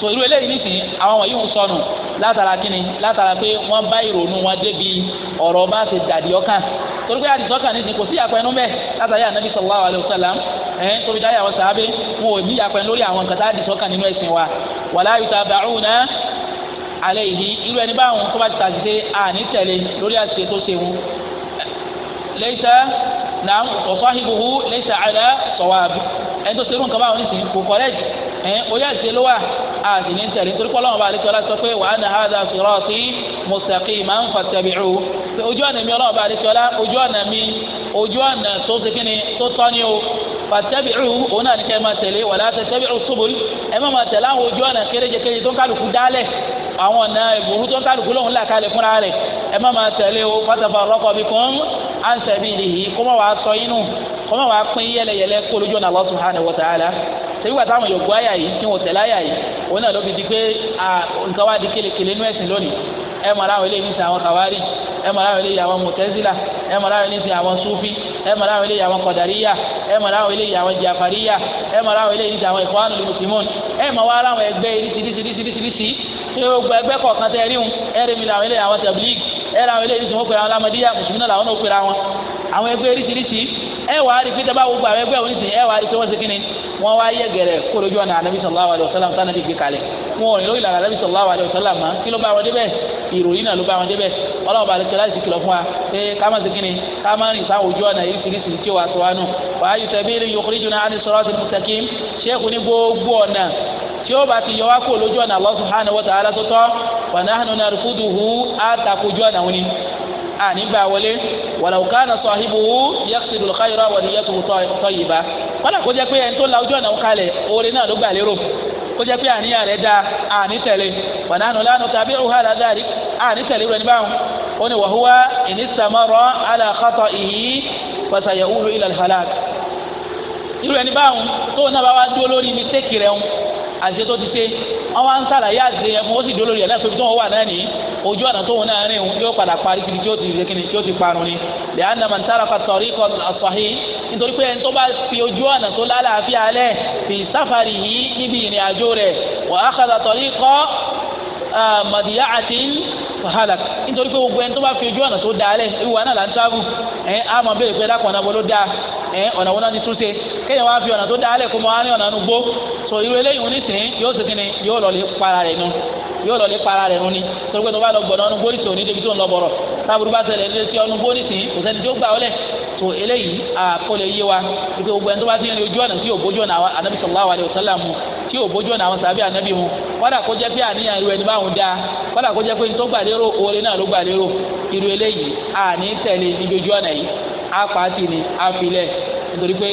so irú eléyìí nìsín àwọn wọ̀nyí ń latara látara kíni látara pé wọ́n bá ìrònú wọn débi ọ̀rọ̀ bá ṣe dàdí ọkàn si pé àdìsọ́kàn nìsín kò sí ìyàpẹ́ wa alayhi irú ẹni báwọn tó bá ti tàṣìṣe àní tẹ̀lé lórí àṣìṣe tó ṣe wọn. laysa naam wa sahibuhu laysa ala sawab ẹni tó ṣe irú nǹkan báwọn nísìnyí kò kọ́lẹ́jì ẹn orí àṣìṣe ló wà àti ní tẹ̀lé nítorí pé ọlọ́run bá àlejò ọlá sọ pé wa anna hadha sirati mustaqiman fattabi'u ojú ọ̀nà mi ọlọ́run bá àlejò ọlá ojú ọ̀nà mi ojú ọ̀nà tó ṣe kíni tó tọ́ ni o fatabi'u òun náà ní kẹ́ ẹ máa tẹ̀lé wala tattabi'u subul ẹ máa tẹ̀lé àwọn ojú ọ̀nà kéréje tó ń kálukú dálẹ̀ àwọn ọ̀nà ìbòrú tó ń kálukú lòun là kalẹ̀ fúnra rẹ̀ ẹ má máa tẹ̀lé o fatafarraqa bikum an sabilihi kó má wàá sọ inú kó má wàá pín yẹlẹyẹlẹ kó lójú ọ̀nà Allah subhanahu wa ta'ala ṣèyí wà táwọn yòókù àyà yìí tí wọ́n tẹ̀lé àyà yìí òun náà ló fi di pé nǹkan wá di kelekele inú ẹ̀sìn lónìí ẹ mọ̀ láwọn eléyìí ní àwọn kàwárì ẹ mọ̀ láwọn eléyìí àwọn mùtẹ́sílà ẹ mọ̀ láwọn eléyìí àwọn súfì ẹ mọ̀ láwọn eléyìí àwọn kọ̀dàríyà ẹ mọ̀ láwọn eléyìí àwọn jàfàríyà ẹ mọ̀ láwọn eléyìí àwọn ìfọ̀hánù lùmùsùlùmọ́ọ̀nù ẹ mọ̀ wá láwọn gbogbo ẹgbẹ́ kọ̀ọ̀kan tẹ rí wọn ẹ̀rí mi làwọn eléyìí àwọn tẹ̀blík ẹ̀rí àwọn eléyìí tí wọ́n pèrè àwọn alámọ̀díyà mùsùlùmí náà làwọn náà pèrè àwọn àwọn ẹgbẹ́ eríṣiríṣi ẹ wàá rí pété bá gbogbo àwọn ẹgbẹ́ oníṣìí ẹ wàá rí pé wọ́n ṣe kíni wọ́n wá yẹ gẹ̀rẹ̀ kó lójú ọ̀nà ànábì sallallahu alaihi wasallam tánàbí gbé kalẹ̀ wọn ò ní lórí ìlànà ànábì sallallahu alaihi wasallam mọ́ kí ló bá wọn débẹ̀ ìròyìn náà ló bá wọn débẹ̀ ọlọ́run balẹ̀ kí láti kìlọ̀ fún wa pé ká má ṣe kíni ká má rìn sáwọn ojú ọ̀nà ìrísìírísì tí ó wà sọ wa nù. wàá yù tẹ̀bí yukhrijuna 'ani siratil mustaqim ṣéèkù ní gbogbo ọ̀nà tí ó bá ti yọ wá kó lójú ọ̀nà Allah subhanahu wa ta'ala tó tọ́ wa nahnu narfuduhu àtàkójú ọ̀nà wọn ni ànígbà wọlé walau kana sahibuhu yaqsidul khayra wa niyyatuhu tayyiba kọ́dà kó jẹ́ pé ẹni tó la ojú ọ̀nà kalẹ̀ oore náà ló gbà lérò kó jẹ́ pé àníyàn rẹ̀ da àní tẹ̀lé wa nahnu la nutabi'uhu ala dhalik àní tẹ̀lé rẹ̀ níbàwọn ó ní wa huwa in istamara ala khata'ihi fasayauhu ila al-halak irú ẹni báwọn tó náà bá wá dúró lórí mistake rẹ̀ àṣẹ tó ti ṣe wọn wá ń sàlàyé àṣẹ yẹn fún ó sì dúró lórí ẹ̀ náà tóbi tó wọn wà náà ní ojú ọ̀nà tó wọn náà rìn yóò padà parí kiri tí ó ti kiri tí ó ti parun ni lẹ́yìn àná màá tààrà ka tọ̀rí kọ àṣọ̀hí nítorí pé ẹni tó bá fi ojú ọ̀nà tó lálàáfíà lẹ̀ fi sáfàrì yìí níbi ìrìn àjò rẹ̀ wà á kàdà tọ̀rí kọ màdìyà àti fahalak nítorí pé gbogbo ẹni tó bá fi ojú ọ̀nà tó dáa lẹ̀ ìwà náà là ń tábù ẹ̀ á mọ̀ bẹ́ẹ̀ pé lákọ̀ọ́nà bọ́ ló dáa ẹ ọ̀nà wọn náà ti túnṣe kéèyàn wá fi ọ̀nà tó dáálẹ̀ kó mọ wá ọ̀nà nu gbó so irú eléyìí wọn nísìnyí yóò ṣe kíni yóò lọ lè para rẹ̀ nu yóò lọ lè para rẹ̀ nu ni torí pé tó bá lọ gbọ̀dọ̀ nu gbó nìsín òní débi tó ń lọ bọ̀rọ̀ táburú bá ṣẹlẹ̀ ní etí ọ̀nu gbó nìsín kò sẹ́ni tó gbà ọlẹ̀ so eléyìí àkó lè yé wa wípé gbogbo ẹni tó bá ti rìn ojú ọ̀nà tí yóò bójú ọ̀nà Ànábì sallallahu alaihi wasallam tí yóò bójú ọ̀nà àwọn sàbí Ànábì mu kódà kó jẹ́ pé àníyàn irú ẹni báwọn dáa kódà kó jẹ́ pé ní tó gbà lérò oore náà ló gbà lérò irú eléyìí àní tẹ̀lé níbi ojú ọ̀nà yìí á pàtì ni á filẹ̀ nítorí pé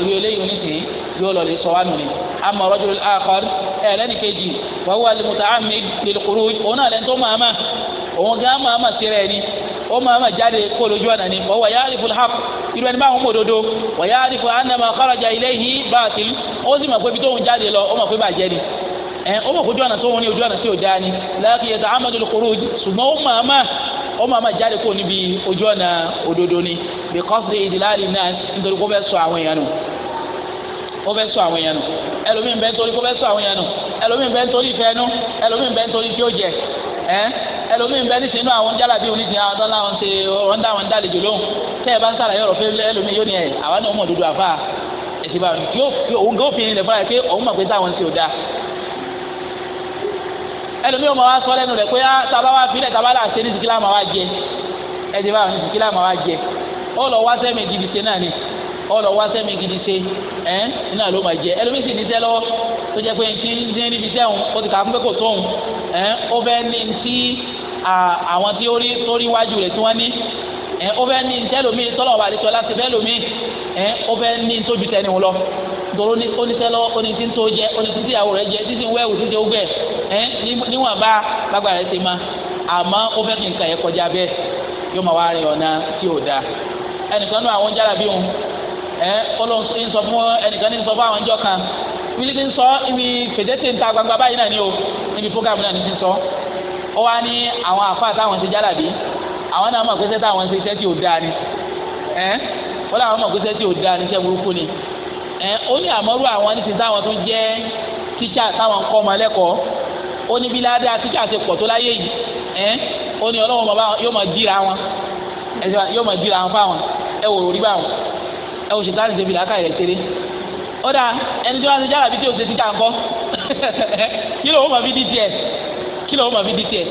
irú eléyìí onísìn yóò lọ lè sọ wá nù ni àmọ́ rọ́jò àkọ́r ẹ̀ lẹ́nu kejì wọ́n wà lùmùtà àmì lèkùrú òun náà lẹ́nu tó máa mà òun gan máa mà sí rẹ̀ ni ó máa ma jáde kó lójú ọ̀nà ni wọ́n wọ̀nyá àrífù hap irú ẹni báwọn mọ̀ òdodo wọ̀nyá àrífù anamọ kọ́lọ́jà ilé yìí báàtìl ó sì mọ̀ pé ibi tóun jáde lọ ó mọ̀ pé bàjẹ́ ni ẹ̀ ó mọ̀ pé ojú ọ̀nà tóun ní ojú ọ̀nà tí ò dáa ni láàkì amadu lukuru ṣùgbọ́n ó máa ma ó máa ma jáde kó níbi ojú ọ̀nà òdodo ni because the ìdílárì náà nítorí kó fẹ́ sọ àwọn èèyàn nù kó fẹ́ sọ àwọn èèyàn nù ẹlòmíín bẹ́ẹ̀ nítorí kó fẹ́ sọ àwọn èèyàn nù ẹlòmíín bẹ́ẹ̀ nítorí ìfẹ́ nù ẹlòmíín bẹ́ẹ̀ nítorí tí ó jẹ ẹlòmíín bẹ́ẹ̀ nítorí àwọn jálàbí oníṣẹ́ àwọn tọ́lá wọn ṣe wọ́n dá wọn dálejò lóhùn tẹ́ ẹ bá ń sàlàyé ọ̀rọ̀ fẹ́ ẹlòmíì ọmọ wa sọ lẹ́nu rẹ̀ pé ah, tábà wá filẹ̀ tábà là ṣe ní sìkìlà máa wá jẹ ẹ̀dẹ̀ bá ní sìkìlà máa wá jẹ ọlọ wá sẹ́mi gidi ṣe náà ni ọlọ wá sẹ́mi gidi ṣe ẹ̀ náà ló máa jẹ ẹlòmíì sì ní sẹ́ lọ́wọ́ tó jẹ́ pé ti ń dín níbi sẹ́hùn ó ti kà fún pé kò tóhùn ẹ̀ ó fẹ́ ní ti àwọn tí ó rí tó rí wájú rẹ̀ tí wọ́n ní ẹ̀ ó fẹ́ ní tẹ́lòmíì tọ́lọ̀ nítorí oníṣẹ́ lọ́wọ́ oníṣẹ́ ń tó jẹ oníṣẹ́ tí ìyàwó rẹ̀ jẹ títí wẹ́ẹ̀wù títí ó gbẹ̀ ẹ́ níwọ̀n bá lágbára ẹ̀ ti ma àmọ́ ó fẹ́ kí nǹkan yẹn kọjá bẹ́ẹ̀ yóò máa wá rìn ọ̀nà tí ò dáa ẹnìkan náà àwọn jára bí òun ẹ kọ́lọ́ ń sọ fún ẹnìkan ní sọ fún àwọn ìjọ kan wílí ti ń sọ ibi fèdèsè ń ta gbangba báyìí náà ni o níbi fúgàmù náà ni ti ń sọ ó wá ní àwọn àfa táwọn ti jára bí àwọn náà mọ̀ pé sẹ́tà àwọn ti sẹ́tì ò dáa ni ẹ wọ́n láwọn mọ̀ pé sẹ́tì ò dáa ni sẹ́ burúkú ni ẹ ó ní àmọ́rú àwọn ní ti táwọn tó jẹ́ tíṣà táwọn kọ́ ọmọ lẹ́kọ̀ọ́ ó ní bí ládàá tíṣà ti pọ̀ tó láyé yìí ẹ ó ní ọlọ́wọ́n bàbá yóò máa jíra wọn ẹ yóò máa jíra wọn fáwọn ẹ wò lórí báwọn ẹ wò ṣètò àti ìdèbìlà káyọ̀ ṣeré ó dà ẹni tí wọ́n ti jára bí tí o ṣe tíṣà ńkọ́ kí ló wọ́n máa fi dí tiẹ̀ kí ló wọ́n máa fi dí tiẹ̀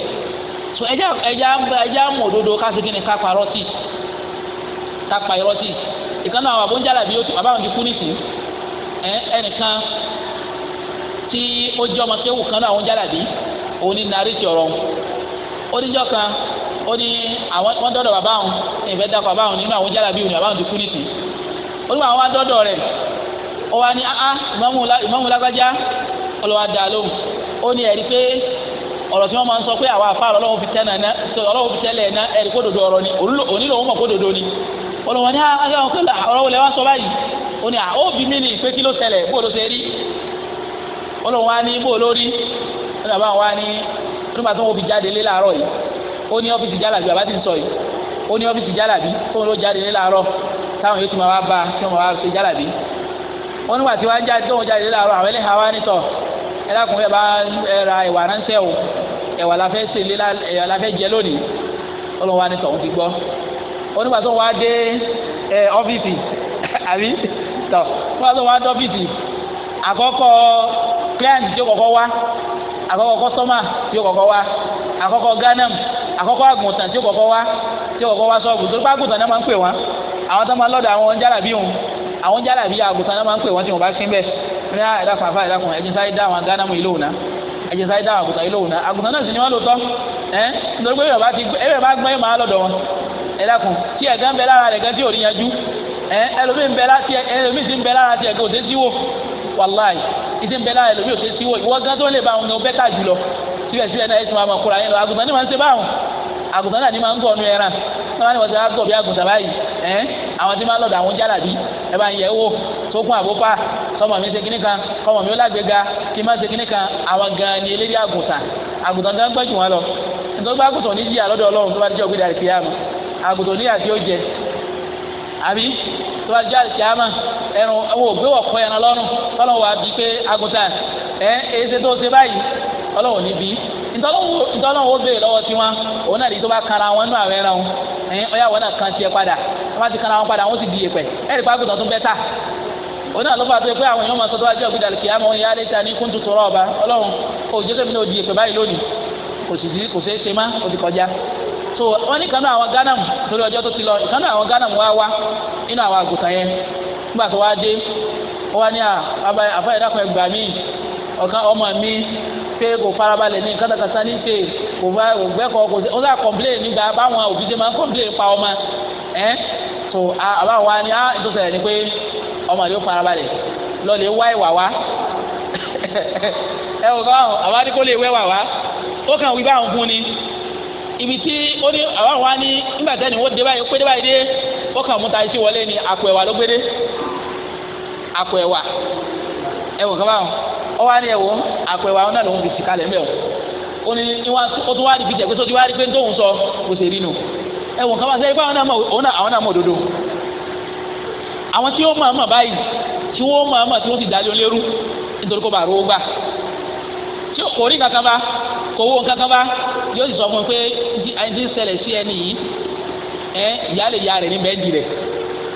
so ẹja ẹja ẹja mọ òdodo káṣí kí ni ká pa rọ́tì ká pa irọ́tì ìkànnì àwọn àbójára bí bàbá wọn ti kú nísìnyí ẹnìkan tí ó jẹ́ ọmọ kéwù kan náà àwọn jálàbí òun ni ọ̀rọ̀ kan ó ní àwọn wọ́n dọ́dọ̀ bàbá òun ìfẹ́ dàpọ̀ bàbá nínú àwọn jálàbí òun bàbá wá dọ́dọ̀ rẹ̀ ó wá ní áá ìmọ̀mù lágbájá ọlọ́wà dà ó ní ẹ̀rí pé ọ̀rọ̀ tí sọ pé ọlọ́wọ́ fi tẹ́lẹ̀ ẹ̀rí kódòdó ọ̀rọ̀ ni òní lòun mọ̀ kódòdó ni àwọn ó ní àóbì mi ní ìpè kí ló ṣẹlẹ̀ bó ló ṣe rí olóhùn wa ní bó ló rí ó ní bàbá wa ní onígbà tó ń wọ́n fi jáde lé láàárọ̀ yìí ó ní ọ́fíìsì jálàbí bàbá ti ń sọ yìí ó ní ọ́fíìsì jálàbí tó ń lọ jáde lé láàárọ̀ táwọn yóò ti máa wá bá tí wọ́n máa wá ṣe jálàbí wọ́n nígbà tí wọ́n jáde tó ń jáde lé láàárọ̀ àwọn ẹlẹ́hà wa nítọ̀ ẹ bá ra ẹ̀wà ránṣẹ́ o ẹ̀wà la fẹ́ àbí tọ wọn sọ wọn dọfíìsì àkọ́kọ́ client tí ó kọ́kọ́ wá àkọ́kọ́ customer tí ó kọ́kọ́ wá àkọ́kọ́ ganem àkọ́kọ́ àgùntàn tí ó kọ́kọ́ wá tí ó kọ́kọ́ wá sọọbù torí pé náà máa ń pè wọn àwọn tó máa lọ́dọ̀ àwọn jálàbí òun àwọn jálàbí àgùntàn náà máa ń pè wọn tí wọn bá sí bẹ́ẹ̀ ní ẹ̀dá fàáfà ẹ̀dá kan ẹ̀jẹ̀ sáré dá àwọn ganamu ìlú náà ẹ̀jẹ̀ sáré dá àgùntàn ìlú òun náà àgùntàn náà sì ni wọn lò tọ́ ẹ nítorí pé ẹ̀rọ ẹ eh, ẹlòmíì ń bẹ láti ẹ ẹlòmíì ti ń bẹ lára tiẹ̀ kò ṣe sí wò wàláì ìdí ń bẹ lára ẹlòmíì ò ṣe sí ìwọ gan tó lè bá àwọn ọmọ bẹ́tà jùlọ síbẹ̀síbẹ̀ náà ẹ̀sìn wa máa kóra yín lọ àgùntàn ní máa ń ṣe báwọn àgùntàn náà ń náà ti wá gọ̀ bí àgùntàn báyìí àwọn máa àwọn ẹ bá ń yẹ tó kún kan kọmọ mi ó kí n má kan àwọn gan ni eléyìí àgùntàn àgùntàn tó ń wọn lọ nítorí pé àgùntàn ní jìyà àbí tó bá jẹ́ àlìkíyàmà ẹran àwọn òbí wọ̀ kọ́ ẹran lọ́rùn tọ́lọ́wọ́ wa bí pé àgùntàn ẹ èsè tó ṣe báyìí ọlọ́wọ́ ní bí ntọ́lọ́wọ́ ó béèrè lọ́wọ́ tiwọn òun náà lè tó bá kanra wọn nínú àwọn ẹran ẹ ọyá wọn náà kan tiẹ̀ padà wọn bá ti kara wọn padà wọn sì di tó òun náà pé àwọn èèyàn máa sọ tó jẹ́ ògbìdà òun yà á so wọ́n ní kanú àwọn Ghana mu torí ọjọ́ tó ti lọ kanú àwọn Ghana mu wá wá inú àwọn àgùntàn yẹn nígbà tó wá dé wá ní àbáyé ẹgbà mi pé kò farabalẹ̀ ní ní pé kò bá kò sí nígbà báwọn máa ń pa ọmọ ẹ̀ so wa á ni pé ọmọ farabalẹ̀ lọ́ọ̀lẹ̀ wá ìwà wá ẹ wò káwọn ní kó lè ibi tí ó ní àwọn wa ní nígbà tí ẹni wọ́n dé báyìí pé dé báyìí dé ó kàn mú tayisi wọlé ẹ̀wà ló gbé dé ẹ̀wà ẹ̀wò ó wá ní ẹ̀wò àpò ẹ̀wà náà lòún fi ti kalẹ̀ mẹ́wọ̀ ó ní ó tún wá rí pé ti wá rí pé sọ kò sì rí nu ẹ̀wò àwọn òdodo àwọn tí mọ̀ báyìí tí wọ́n mọ̀ yóò sì sọ fún mi pé ẹni tí ń ṣẹlẹ̀ sí ẹni yìí ẹ ìyá lè ya rẹ̀ ní bẹ́ẹ̀dì rẹ̀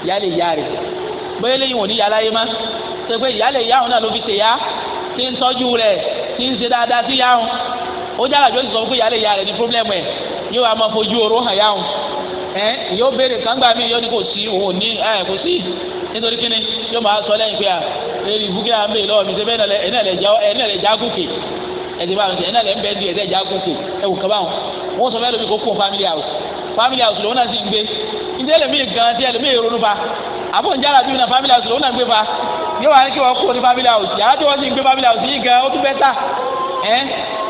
ìyá lè ya rẹ̀ bóyá lẹ́yìn wò ní yàrá yé má ṣe pé ìyá lè ya òun náà ló fi tèyá tí ń tọ́jú rẹ̀ tí ń ṣe dáadáa sí yá òun ó jára yóò sì sọ fún pé ìyá lè ya rẹ̀ ní pírọ́blẹ́mù ẹ̀ yóò wá máa fojú oró hàn yá òun ẹ yóò béèrè kángbà mi yóò ní kò sí òun ò ní ẹ kò sí nítorí kíni yóò máa sọ lẹ́yìn pé à èrì ìbúkẹ́ à ń bè lọ́wọ́ mi ṣe bẹ́ẹ̀ náà ẹ̀sìn báwọn ṣe ẹ̀nà lẹ́ ń bẹ́ẹ̀ di ẹ̀sẹ̀ ìjà gòkè ẹ̀wù kaba wọn wọn sọ fẹ́ẹ́ lómi kó kún family house family house lòun náà sì ń gbé ǹjẹ́ ẹlẹ́mí gan ti ẹlẹ́mí ronú fa àbọ̀ ǹjẹ́ alábí na family house lòun náà gbé fa yóò wá kí wọ́n kó ní family house yàrá tí wọ́n sì ń gbé family house yìí gan ó tún bẹ́ tà ẹ́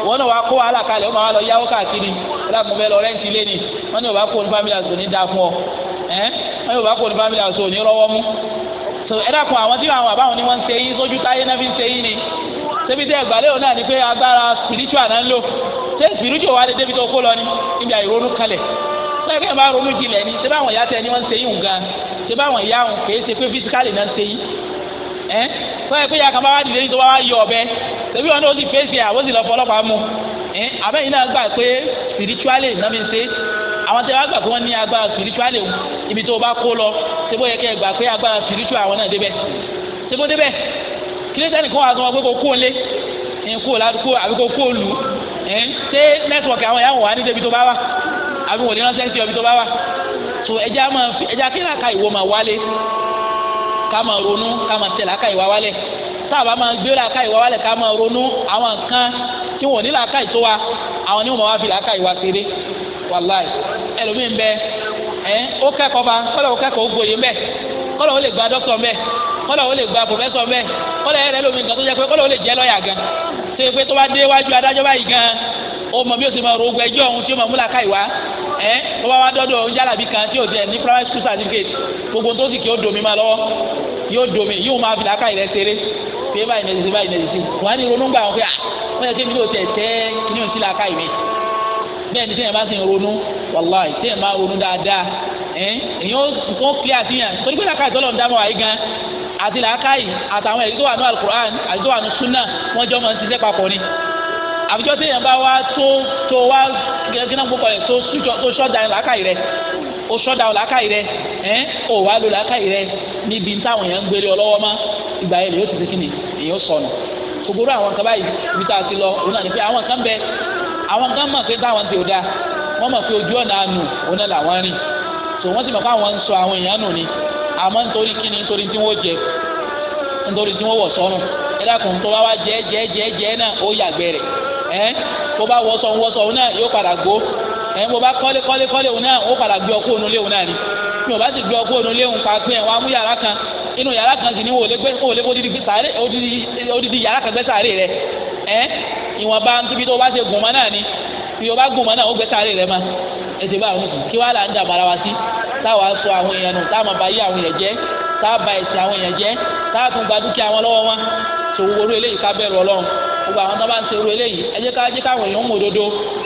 wọn náà wá kó wàhálà kalẹ̀ wọn máa lọ yáwó káàkiri ẹlẹ́kùn lọ rẹ́ǹtì ilé ni wọn yóò kó ní family house ní da fún ọ ẹ́ wọn yóò bá kó ní family house ní rọwọ́ mú ẹlẹ́kùn àwọn tí àwọn àbáwọn ni wọ́n ń ṣe yín sójú táyé náà fi ń ṣe yín ni ṣebí tẹ́ ẹgbàlẹ́ òun náà ni pé agbára spiritual náà ń lò ṣé spiritual wa débi tó kó lọ ni níbi àìrónú kalẹ̀ sọ́yìn kẹ́hìn bá ronú jinlẹ̀ ni ṣé báwọn ìyá tẹ ni wọ́n ń ṣe yìí nǹkan ṣé báwọn ìyá òun kèé ṣe pé fisikálì náà ń ṣe yìí ẹ́ sọ́yìn pé ìyá kan bá wá dìde yìí tó bá wá yọ ọ̀bẹ ṣebí wọn náà ó sì fèsì àwọn sì lọ fọ mu ẹ́ àbẹ́yìn náà gbà pé spiritually náà mi ṣe àwọn tẹ wá gbà pé wọ́n ní agbára spiritually ibi tó bá kó lọ ṣé bó yẹ kẹ́ gbà pé agbára spiritual àwọn náà débẹ̀ ṣé bó débẹ̀ kí ló sẹ́ni kó wà sọ pé kó kó lé kó ládùúgbò àbí kó kó lù ṣé nẹ́tíwọ̀kì àwọn ìyá wọn wà ní débi tó bá wà àbí wọ́n lè ránṣẹ́ sí ọbí tó bá wà tó ẹja máa fi ẹja kí làkà ìwọ máa wálé ká máa ronú ká máa tẹ̀ làkà ìwà wálẹ̀ tá a bá máa gbé làkà ìwà wálẹ̀ ká máa ronú àwọn nǹkan tí wọ́n ní làkà ìtó wa àwọn ni wọ́n máa fi làkà ìwà ṣeré wàláì ẹlòmíín bẹ ẹ ó kẹ́kọ̀ọ́ bá kọ́lọ̀ ó kẹ́kọ̀ọ́ ó gboyè bẹ́ẹ̀ kọ́lọ̀ ó lè gba dókítà bẹ́ẹ̀ kọlọ ó le gba pòfẹ́sọ̀ mẹ́ kọlọ ẹ̀rẹ́ lómi nǹkan tó jẹ́ pé kọ́lá ó lè jẹ́ lọ́ọ̀yà gan ṣe pé tó bá dé wájú adájọ́ báyìí gan ó mọ bí ó ti mọ rògbò ẹjọ́ òun tí ó mọ múlá káìwá ẹ tó bá wá kan tí ní primary school certificate gbogbo tó sì kí domi yóò domi yóò máa fi làákàyè rẹ ṣeré pé báyìí báyìí á àti làákàyè àtàwọn èyí tó wà ní alukur'an àti tó wà ní sunna wọn jọ máa ń ṣiṣẹ́ papọ̀ ni àbújọ tí èèyàn bá wá tó tó wá gíná gbogbo rẹ tó sùjọ tó sọdá làákàyè rẹ ó sọdá làákàyè rẹ ẹ ó wá lo làákàyè rẹ níbi táwọn èèyàn ń gbélé ọ lọ́wọ́ mọ́ ìgbà yẹn lè yóò ti ṣe kíni èèyàn sọnù gbogbo àwọn kan báyìí ibi tá a ti lọ òun náà ni pé àwọn kan bẹ àwọn kan mọ̀ pé táwọn ti ò da wọ́n mọ̀ pé ojú ọ̀nà àánú òun náà làwọn rìn tò wọ́n sì mọ̀ pé àwọn ń sọ àwọn èèyàn nù ni àmọ́ nítorí kíni nítorí tí wọ́n jẹ nítorí tí wọ́n wọ̀ sọ́nù ẹ tó bá wá jẹ jẹ jẹ jẹ náà ó yàgbẹ́ rẹ̀ ẹ tó bá wọ́ sọ̀hún wọ́ sọ̀hún náà yóò padà gbó ẹ bó bá kọ́lé kọ́lé kọ́lé òun náà ó padà gbé ọkọ́ òun léwu náà ni mi bá sì gbé ọkọ́ òun léwu ẹ̀ wọ́n yàrá kan ètè bá àwọn sùn kí wàá là ń wa sí táwa sọ àwọn èèyàn nù táwa bá yí àwọn èèyàn jẹ táwa bá àwọn èèyàn jẹ táwa tún gba dúkìá wọn lọ́wọ́ wọn sòwò orú eléyìí ká bẹ̀rù Ọlọ́run gbogbo àwọn tó bá ń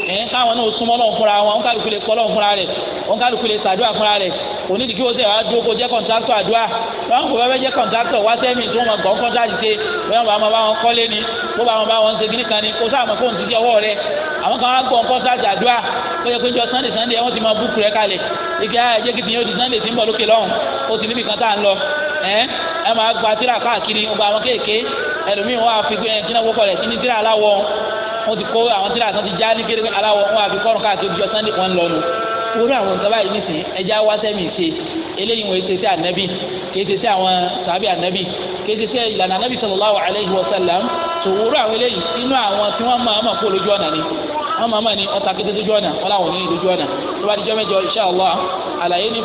ẹ̀ eh, káwọn náà súnmọ́ lọ́n fúnra wọn wọn kálukú lè kọ́ lọ́n fúnra rẹ̀ wọn kálukú lè sàdúrà fúnra rẹ̀ onídìí kí wọ́n sẹ̀ wá dúró kó jẹ́ kọ̀ǹtàkítọ̀ àdúrà wọn kò fẹ́ jẹ́ kọ̀ǹtàkítọ̀ wá sẹ́mi tí wọ́n mọ̀ gbọ́n kọ́ńtàkì ṣe wọ́n bá wọn bá wọn kọ́lé ni wọ́n bá wọn bá wọn ṣe kan ni kó sáà fóun ti di ọwọ́ rẹ̀ àwọn kan wá gbọ́n kọ́ńtàkì àdúrà ó yẹ pé wọ́n ti kó àwọn tíra àtúntì já ní kéré aláwọ̀ wọn àfi kọ́run káàkiri ojú ọ̀sán nìkan lọ nu wúrú àwọn nǹkan báyìí nìsín ẹja wá sẹ́mi ṣe eléyìí wọ́n ṣe sí ànábì kìí ṣe sí àwọn sàbí ànábì kìí ṣe sí ìlànà ànábì sallallahu alaihi wa sallam tó wúrú àwọn eléyìí inú àwọn tí wọ́n máa máa kó lójú ọ̀nà ni wọ́n máa máa ní ọ̀tà kété lójú ọ̀nà wọ́n láwọn ní lójú ọ̀nà tó bá di jọ́ mẹ́jọ insha Allah àlàyé ní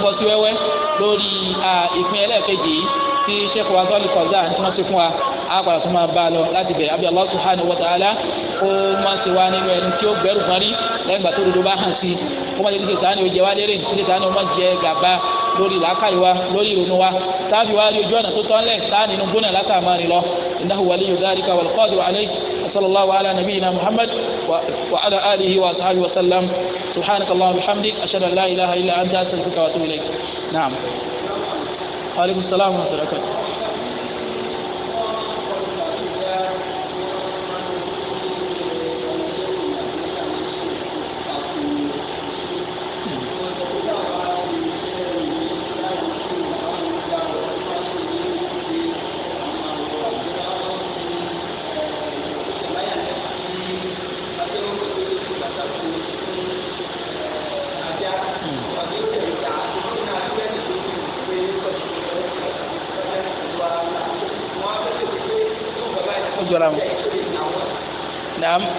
kó má ṣe wá nínú ẹni tí ó gbẹrù fún rí lẹ́yìn gbà tó dodo bá hàn sí kó má ṣe títí sàánì ó jẹ wá lérè títí sàánì ó má jẹ gàba lórí làákàyè wa lórí ìrònú wa sáàbì wa rí ojú ọ̀nà tó tán lẹ̀ sáàni inú gbóná látàmá rìn lọ innahu waliyyu dhalika wal qadiru alayhi sallallahu ala nabiyyina muhammad wa ala alihi wa sahbihi wa sallam subhanaka allahumma wa bihamdik ashhadu an ilaha illa anta astaghfiruka na'am wa alaykum wa rahmatullahi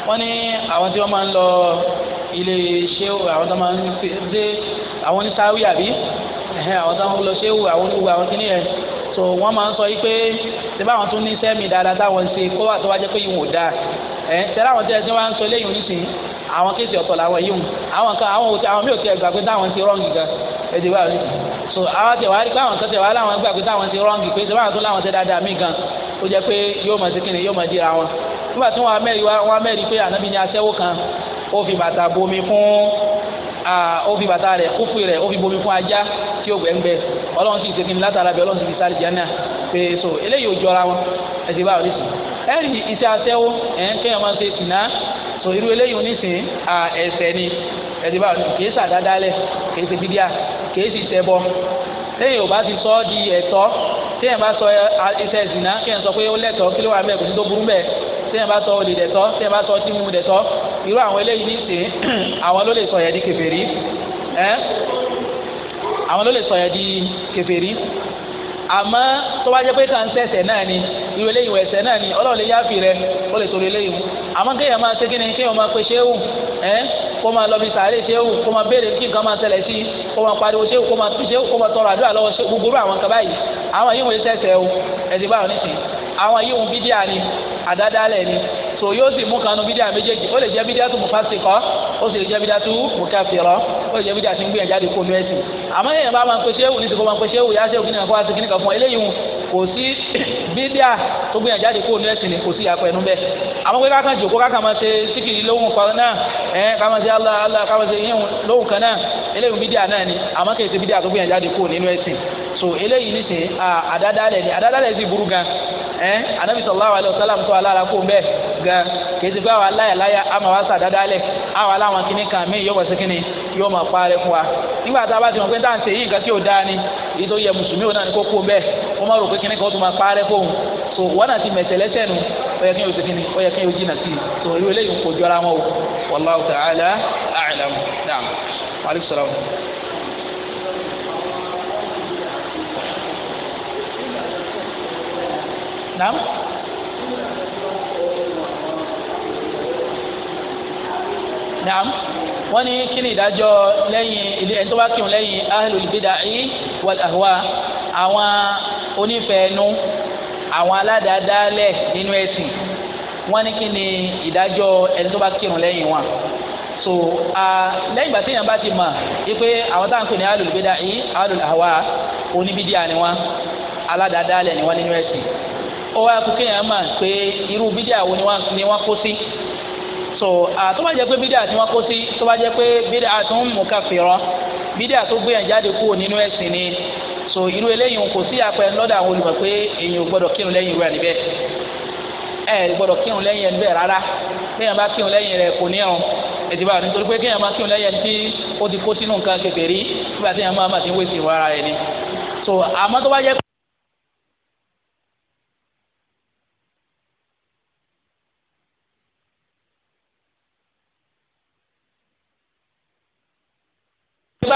wọ́n ní àwọn tí wọ́n máa ń lọ ilé ṣéwù àwọn tó máa ń ṣe àwọn ní sáwì àbí àwọn tó ń lọ ṣéwù àwọn olùgbò àwọn kìnìyẹ tó wọ́n máa ń sọ yìí pé tẹ́lẹ̀ àwọn tó ní sẹ́mi dáadáa táwọn ṣe kó wà tó wá jẹ́ pé ìwò dáa ẹ̀ àwọn tí wọ́n á ń sọ léyìn oníṣìí àwọn kéèsì ọ̀tọ̀ làwọn yìí àwọn kan àwọn òtí àwọn mi ò gbà pé táwọn ti rọ́ǹgì gan ẹ̀dẹ̀ wà so àwọn tẹ̀ wá rí pé àwọn kan tẹ̀ wá láwọn gbà pé táwọn ti rọ́ǹgì pé tẹ̀ wá tó láwọn tẹ̀ dáadáa mí gan ó jẹ́ pé yóò máa ṣe kíni yóò máa dira wọn nígbà tí wọ́n amẹ́rì wọ́n amẹ́rì pé ànábì ní aṣẹ́wó kan ó fi bàtà bomi fún ó fi bàtà rẹ̀ kúfù rẹ̀ ó fi bomi fún ajá tí ó gbẹ̀ngbẹ̀ ọlọ́run sì ti kí ni látara bẹ̀ ọlọ́run sì fi sáré jẹ́nà pé so eléyìí ò jọra wọn ẹ̀sìn báwo ní sìn ẹ̀rì iṣẹ́ aṣẹ́wó ẹ̀ kéèyàn máa ṣe ìná so irú eléyìí ní sìn ẹ̀sẹ̀ ni ẹ̀sìn báwo ní sìn kìí sàdádálẹ̀ kìí ṣe bídíà kìí sì ṣẹbọ lẹ́yìn ò bá ti sọ ọ́ di ẹ̀tọ́ téèyàn bá sọ iṣẹ́ ìsìná kéèyàn sọ pé ó lẹ́tọ̀ọ́ kí ló wà mẹ́ẹ̀ tó burú mẹ́ẹ̀ sẹ́yìn bá sọ olè dẹ̀tọ́ sẹ́yìn bá sọ ọtí mímu dẹ̀tọ́ irú àwọn eléyìí ní sè àwọn ló lè sọ yẹn di kèfèrí ẹ àwọn ló lè sọ yẹn di kèfèrí àmọ́ tó bá jẹ́ pé kàn sẹ̀sẹ̀ náà ni irú eléyìí wọ̀ ẹ̀sẹ̀ náà ni ọlọ́run lè yáàfì rẹ ó lè sọ̀rọ̀ eléyìí mu àmọ́ kéèyàn máa ṣe kíni kéèyàn máa pe ṣéwù ẹ kó máa lọ bí sàárè ṣéwù kó máa béèrè kí nǹkan máa ṣẹlẹ̀ sí kó máa pariwo ṣéwù kó máa tú ṣéwù kó máa tọrọ àdúrà lọ́wọ́ gbogbo àwọn kaba yìí àwọn yìí wọ́n ṣẹ̀ṣẹ̀ o ẹ̀sìn báwọn nìsín àwọn yìí wọ́n bídíà ni àdádálẹ̀ ni so yóò sì mú kanu bídíà méjèèjì ó lè jẹ́ bídíà tó mùfásíkọ́ ó sì lè jẹ́ bídíà tó mùkàfírọ́ ó lè jẹ́ bídíà tó ń gbìyànjú àti kó mẹ́sì àmọ́ èèyàn bá máa ń pe ṣéwù ní sìkò máa ń pe ṣéwù yá ṣéwù kíníkan kó wá sí kíníkan fún eléyìí kò sí bídíà tó gbìyànjú àti kó mẹ́sì ni kò sí yàpọ̀ ẹnu bẹ́ẹ̀ àmọ́ pé kákan jòkó kákan máa ṣe síkìrì lóhùn kan náà ẹ̀ káma ṣe Allah Allah káma ṣe yíhun lóhùn kan náà eléyìí bídíà náà ni àmọ́ kì í ṣe bídíà tó gbìyànjú àti kó nínú ẹ̀sìn so eléyìí nìsín àdádálẹ̀ ni àdádálẹ̀ sì burú gan ẹ eh, anabi sallallahu alaihi wasallam tó alára kó bẹ́ẹ̀ gan kèsì pé àwọn aláyàláyà àmọ́ wa sàdáadáa lẹ̀ àwọn aláwọn kìíní kan mí yóò wọ sí kìíní yóò máa parẹ́ fún wa nígbà tá a bá ti mọ̀ pé tá à ń ṣe yí nǹkan tí ò dáa ni èyí tó yẹ mùsùlùmí ò náà ni kó kó bẹ́ẹ̀ wọ́n máa rò pé kìíní kan tó máa parẹ́ fóun so wọ́n náà ti mẹ̀sẹ̀ lẹ́sẹ̀ nu ó yẹ kí yóò ṣe kìíní ó yẹ kí yóò so irú eléyìí kò jọra wọn o wallahu ta'ala a'lam naam wa alaykum salaam. nàám. nàám wọ́n ní kí ni ìdájọ́ lẹ́yìn ilé ẹni tó bá kírun lẹ́yìn ahlul bid'ah wal ahwa àwọn onífẹ̀ẹ́nu àwọn aládàádáálẹ̀ nínú ẹ̀sìn wọ́n ní kí ni ìdájọ́ ẹni tó bá kírun lẹ́yìn wọn so lẹ́yìn ìgbà téèyàn bá ti mọ̀ wípé àwọn táwọn pè ní ahlul bid'ah ahlul ahwa oníbídíà ni wọn aládàádáálẹ̀ ni wọn nínú ẹ̀sìn ó wá kó kéèyàn mà pé irú bídíà wo ni wọ́n kó sí so tó bá jẹ́ pé bídíà tí wọ́n kó sí tó bá jẹ́ pé bídíà tó ń mú káfírà bídíà tó gbé yàn jáde kúrò nínú ẹ̀sìn ni so irú eléyìí kò sí apẹ̀rẹ̀ lọ́dọ̀ àwọn olùmọ̀ pé èyàn gbọ́dọ̀ kírun lẹ́yìn irú ẹni bẹ́ẹ̀ ẹ gbọ́dọ̀ kírun lẹ́yìn ẹni bẹ́ẹ̀ rárá kéèyàn bá kírun lẹ́yìn rẹ̀ kò ní ọ̀run ètò ìbára nítorí pé kéèyàn bá kírun lẹ́yìn ẹni tí ó ti kó sínú nǹkan kékeré nígbà tí èèyàn máa ma ti ń wéṣì wọ́n ara ẹni so àmọ́ tó bá jẹ́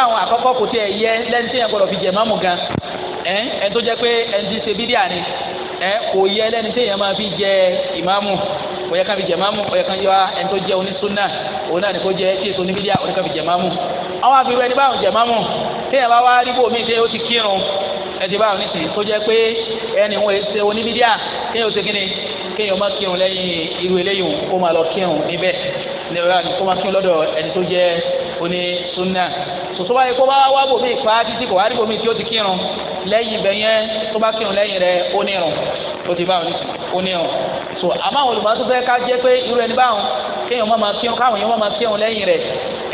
àwọn àkọ́kọ́ kò tiẹ̀ yẹ lẹ́ni tí yẹn gbọ́dọ̀ fi jẹ mọ́mù gan ẹ̀ ẹ̀ tó jẹ́ pé ẹni tí ṣe bídíà ni ẹ̀ kò yẹ lẹ́ni tí yẹn máa fi jẹ ìmáàmù kò yẹ ká fi jẹ ìmáàmù kò yẹ ká yọ ẹni tó jẹ onísúnà òun náà ni kò jẹ tí èso ní bídíà òun ká fi jẹ ìmáàmù àwọn àfi wẹ́ni báwọn jẹ ìmáàmù tí yẹn bá wá rí bòmí tí ó ti kírun ẹ ti báwọn nísìnyí tó jẹ́ pé ẹni wọn ṣe oníbídíà kí ṣe kí ni má kírun lẹ́yìn irú eléyìí kó máa lọ kírun níbẹ̀ kó máa kírun lọ́dọ̀ ẹni tó jẹ́ oní sòsò wáyé kó bá wá bòmí ìfà títí kò wá rí bòmí tí ó ti kírun lẹ́yìn ibẹ̀ yẹn tó bá kírun lẹ́yìn rẹ̀ ó nírun tó ti báwọn ó nírun so àmọ́ àwọn olùmọ̀ tó fẹ́ ká jẹ́ pé irú ẹni báwọn kéèyàn má máa kírun káwọn èèyàn má máa kírun lẹ́yìn rẹ̀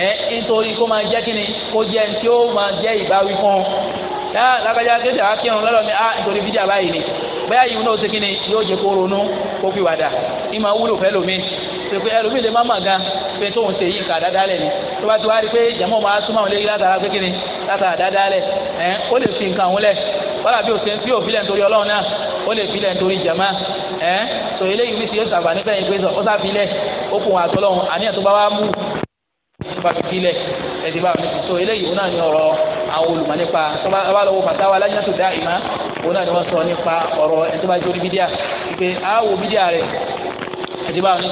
ẹ nítorí kó máa jẹ́ kíni kó jẹ́ ní tí ó máa jẹ́ ìbáwí fún un lágbájá kéde àkírun lọ́dọ̀ mi ah nítorí fídíà báyìí ni bẹ́ẹ̀ yìí náà ó ṣe kíni yóò jẹ́ kó ronú kó fi wàdà ìmọ̀ wúlò fẹ́ lómi sèpè ẹlòmíì lè má mà gan pé tóun ṣe yí nǹkan àdáda lẹ̀ ni tó bá ti wá rí pé jẹ̀mọ́ máa súnmọ́ àwọn eléyìí látara pé kíni látara àdáda lẹ̀ ẹ̀ ó lè fi nǹkan òun lẹ̀ wọ́lá bí òsè tí òfilẹ̀ nítorí ọlọ́run náà ó lè filẹ̀ nítorí jẹ̀mọ́ ẹ̀ tó eléyìí wí sí yóò sàgbà nífẹ̀ yín pé ó sàfilẹ̀ ó kùn àtọ́lọ́run àníyàn tó bá wá mú ìfàfilẹ̀ ẹ̀dí náà fatawa alájọ́tò ni wọ́n sọ nípa ọ̀rọ̀ ẹ̀ tó bá jórí bídíà pé àá wo bídíà rẹ̀ ẹ̀dí bá mi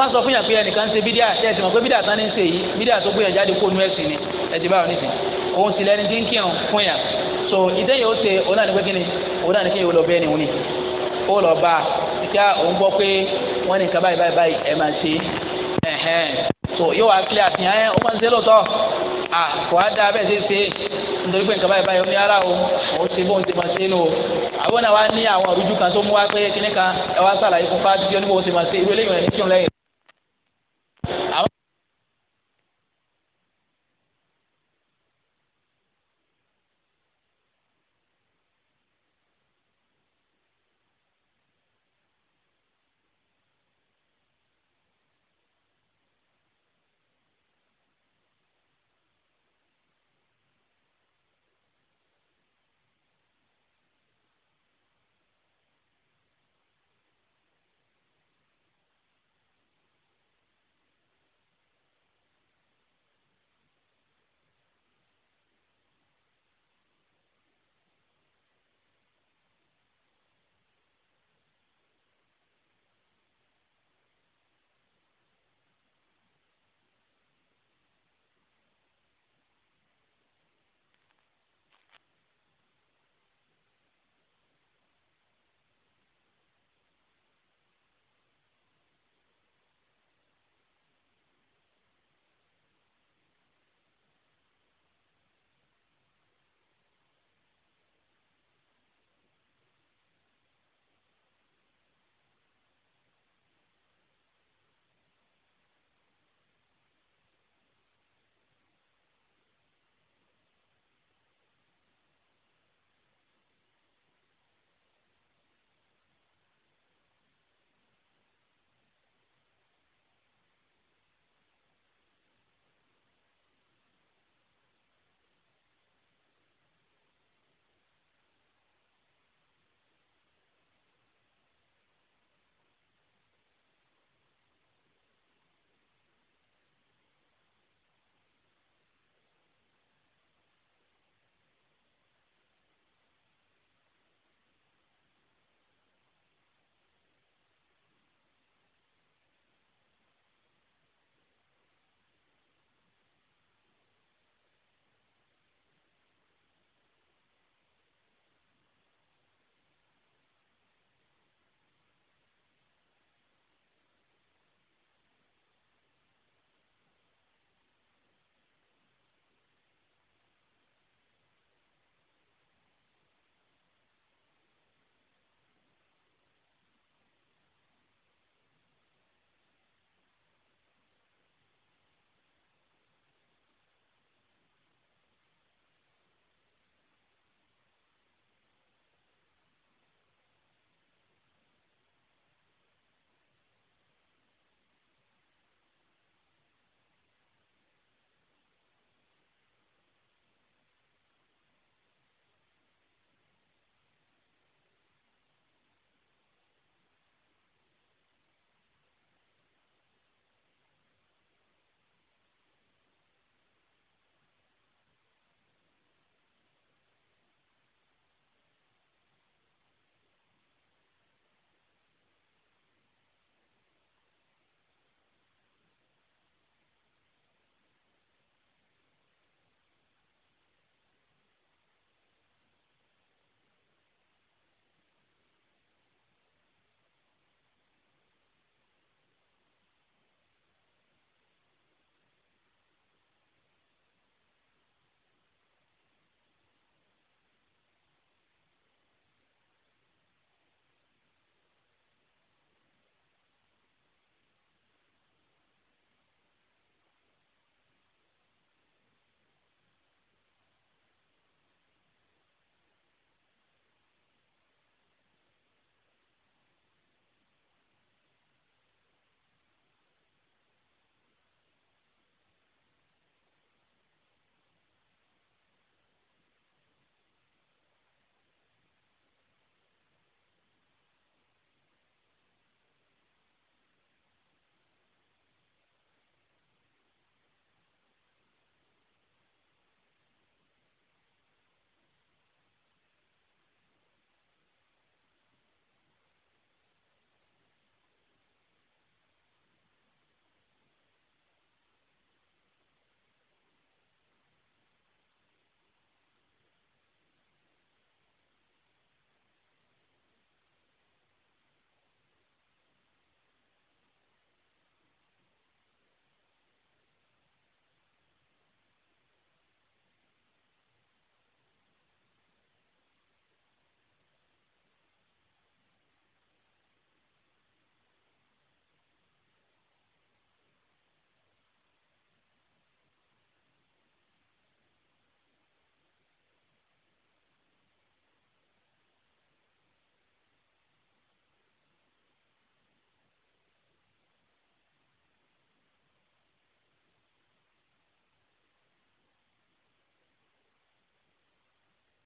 má sọ fún yàn pé ẹnìkan ń ṣe bídíà tẹ̀sí mọ̀ pé bídíà tán ní ń ṣe yìí bídíà tó gbé yàn jáde kó nu ẹ̀sìn ni ẹ̀sìn báwọn ní sìn òun sì lẹ́ni tí ń fún yàn so ìdẹ́ yẹn ó ṣe òun náà ní pé kíni òun náà ní kíni olóbẹ́ ni òun ni ó lọ bá ìkà òun gbọ́ pé wọ́n ní nǹkan báyìí báyìí báyìí máa ṣe ẹ̀hẹ́n so yóò wá kílẹ̀ àfihàn ẹ̀ ó máa ń ṣe lóòótọ́ à kò á dá abẹ́ ṣe ṣe nítorí pé nǹkan báyìí báyìí omi ara o òun ṣe bóun ṣe máa ṣe nù o àwọn náà wá ní àwọn àrùjú kan tó mú wá pé kíní kan ẹ wá sàlàyé fún fáájú bí oníwó ṣe máa ṣe irú eléyìí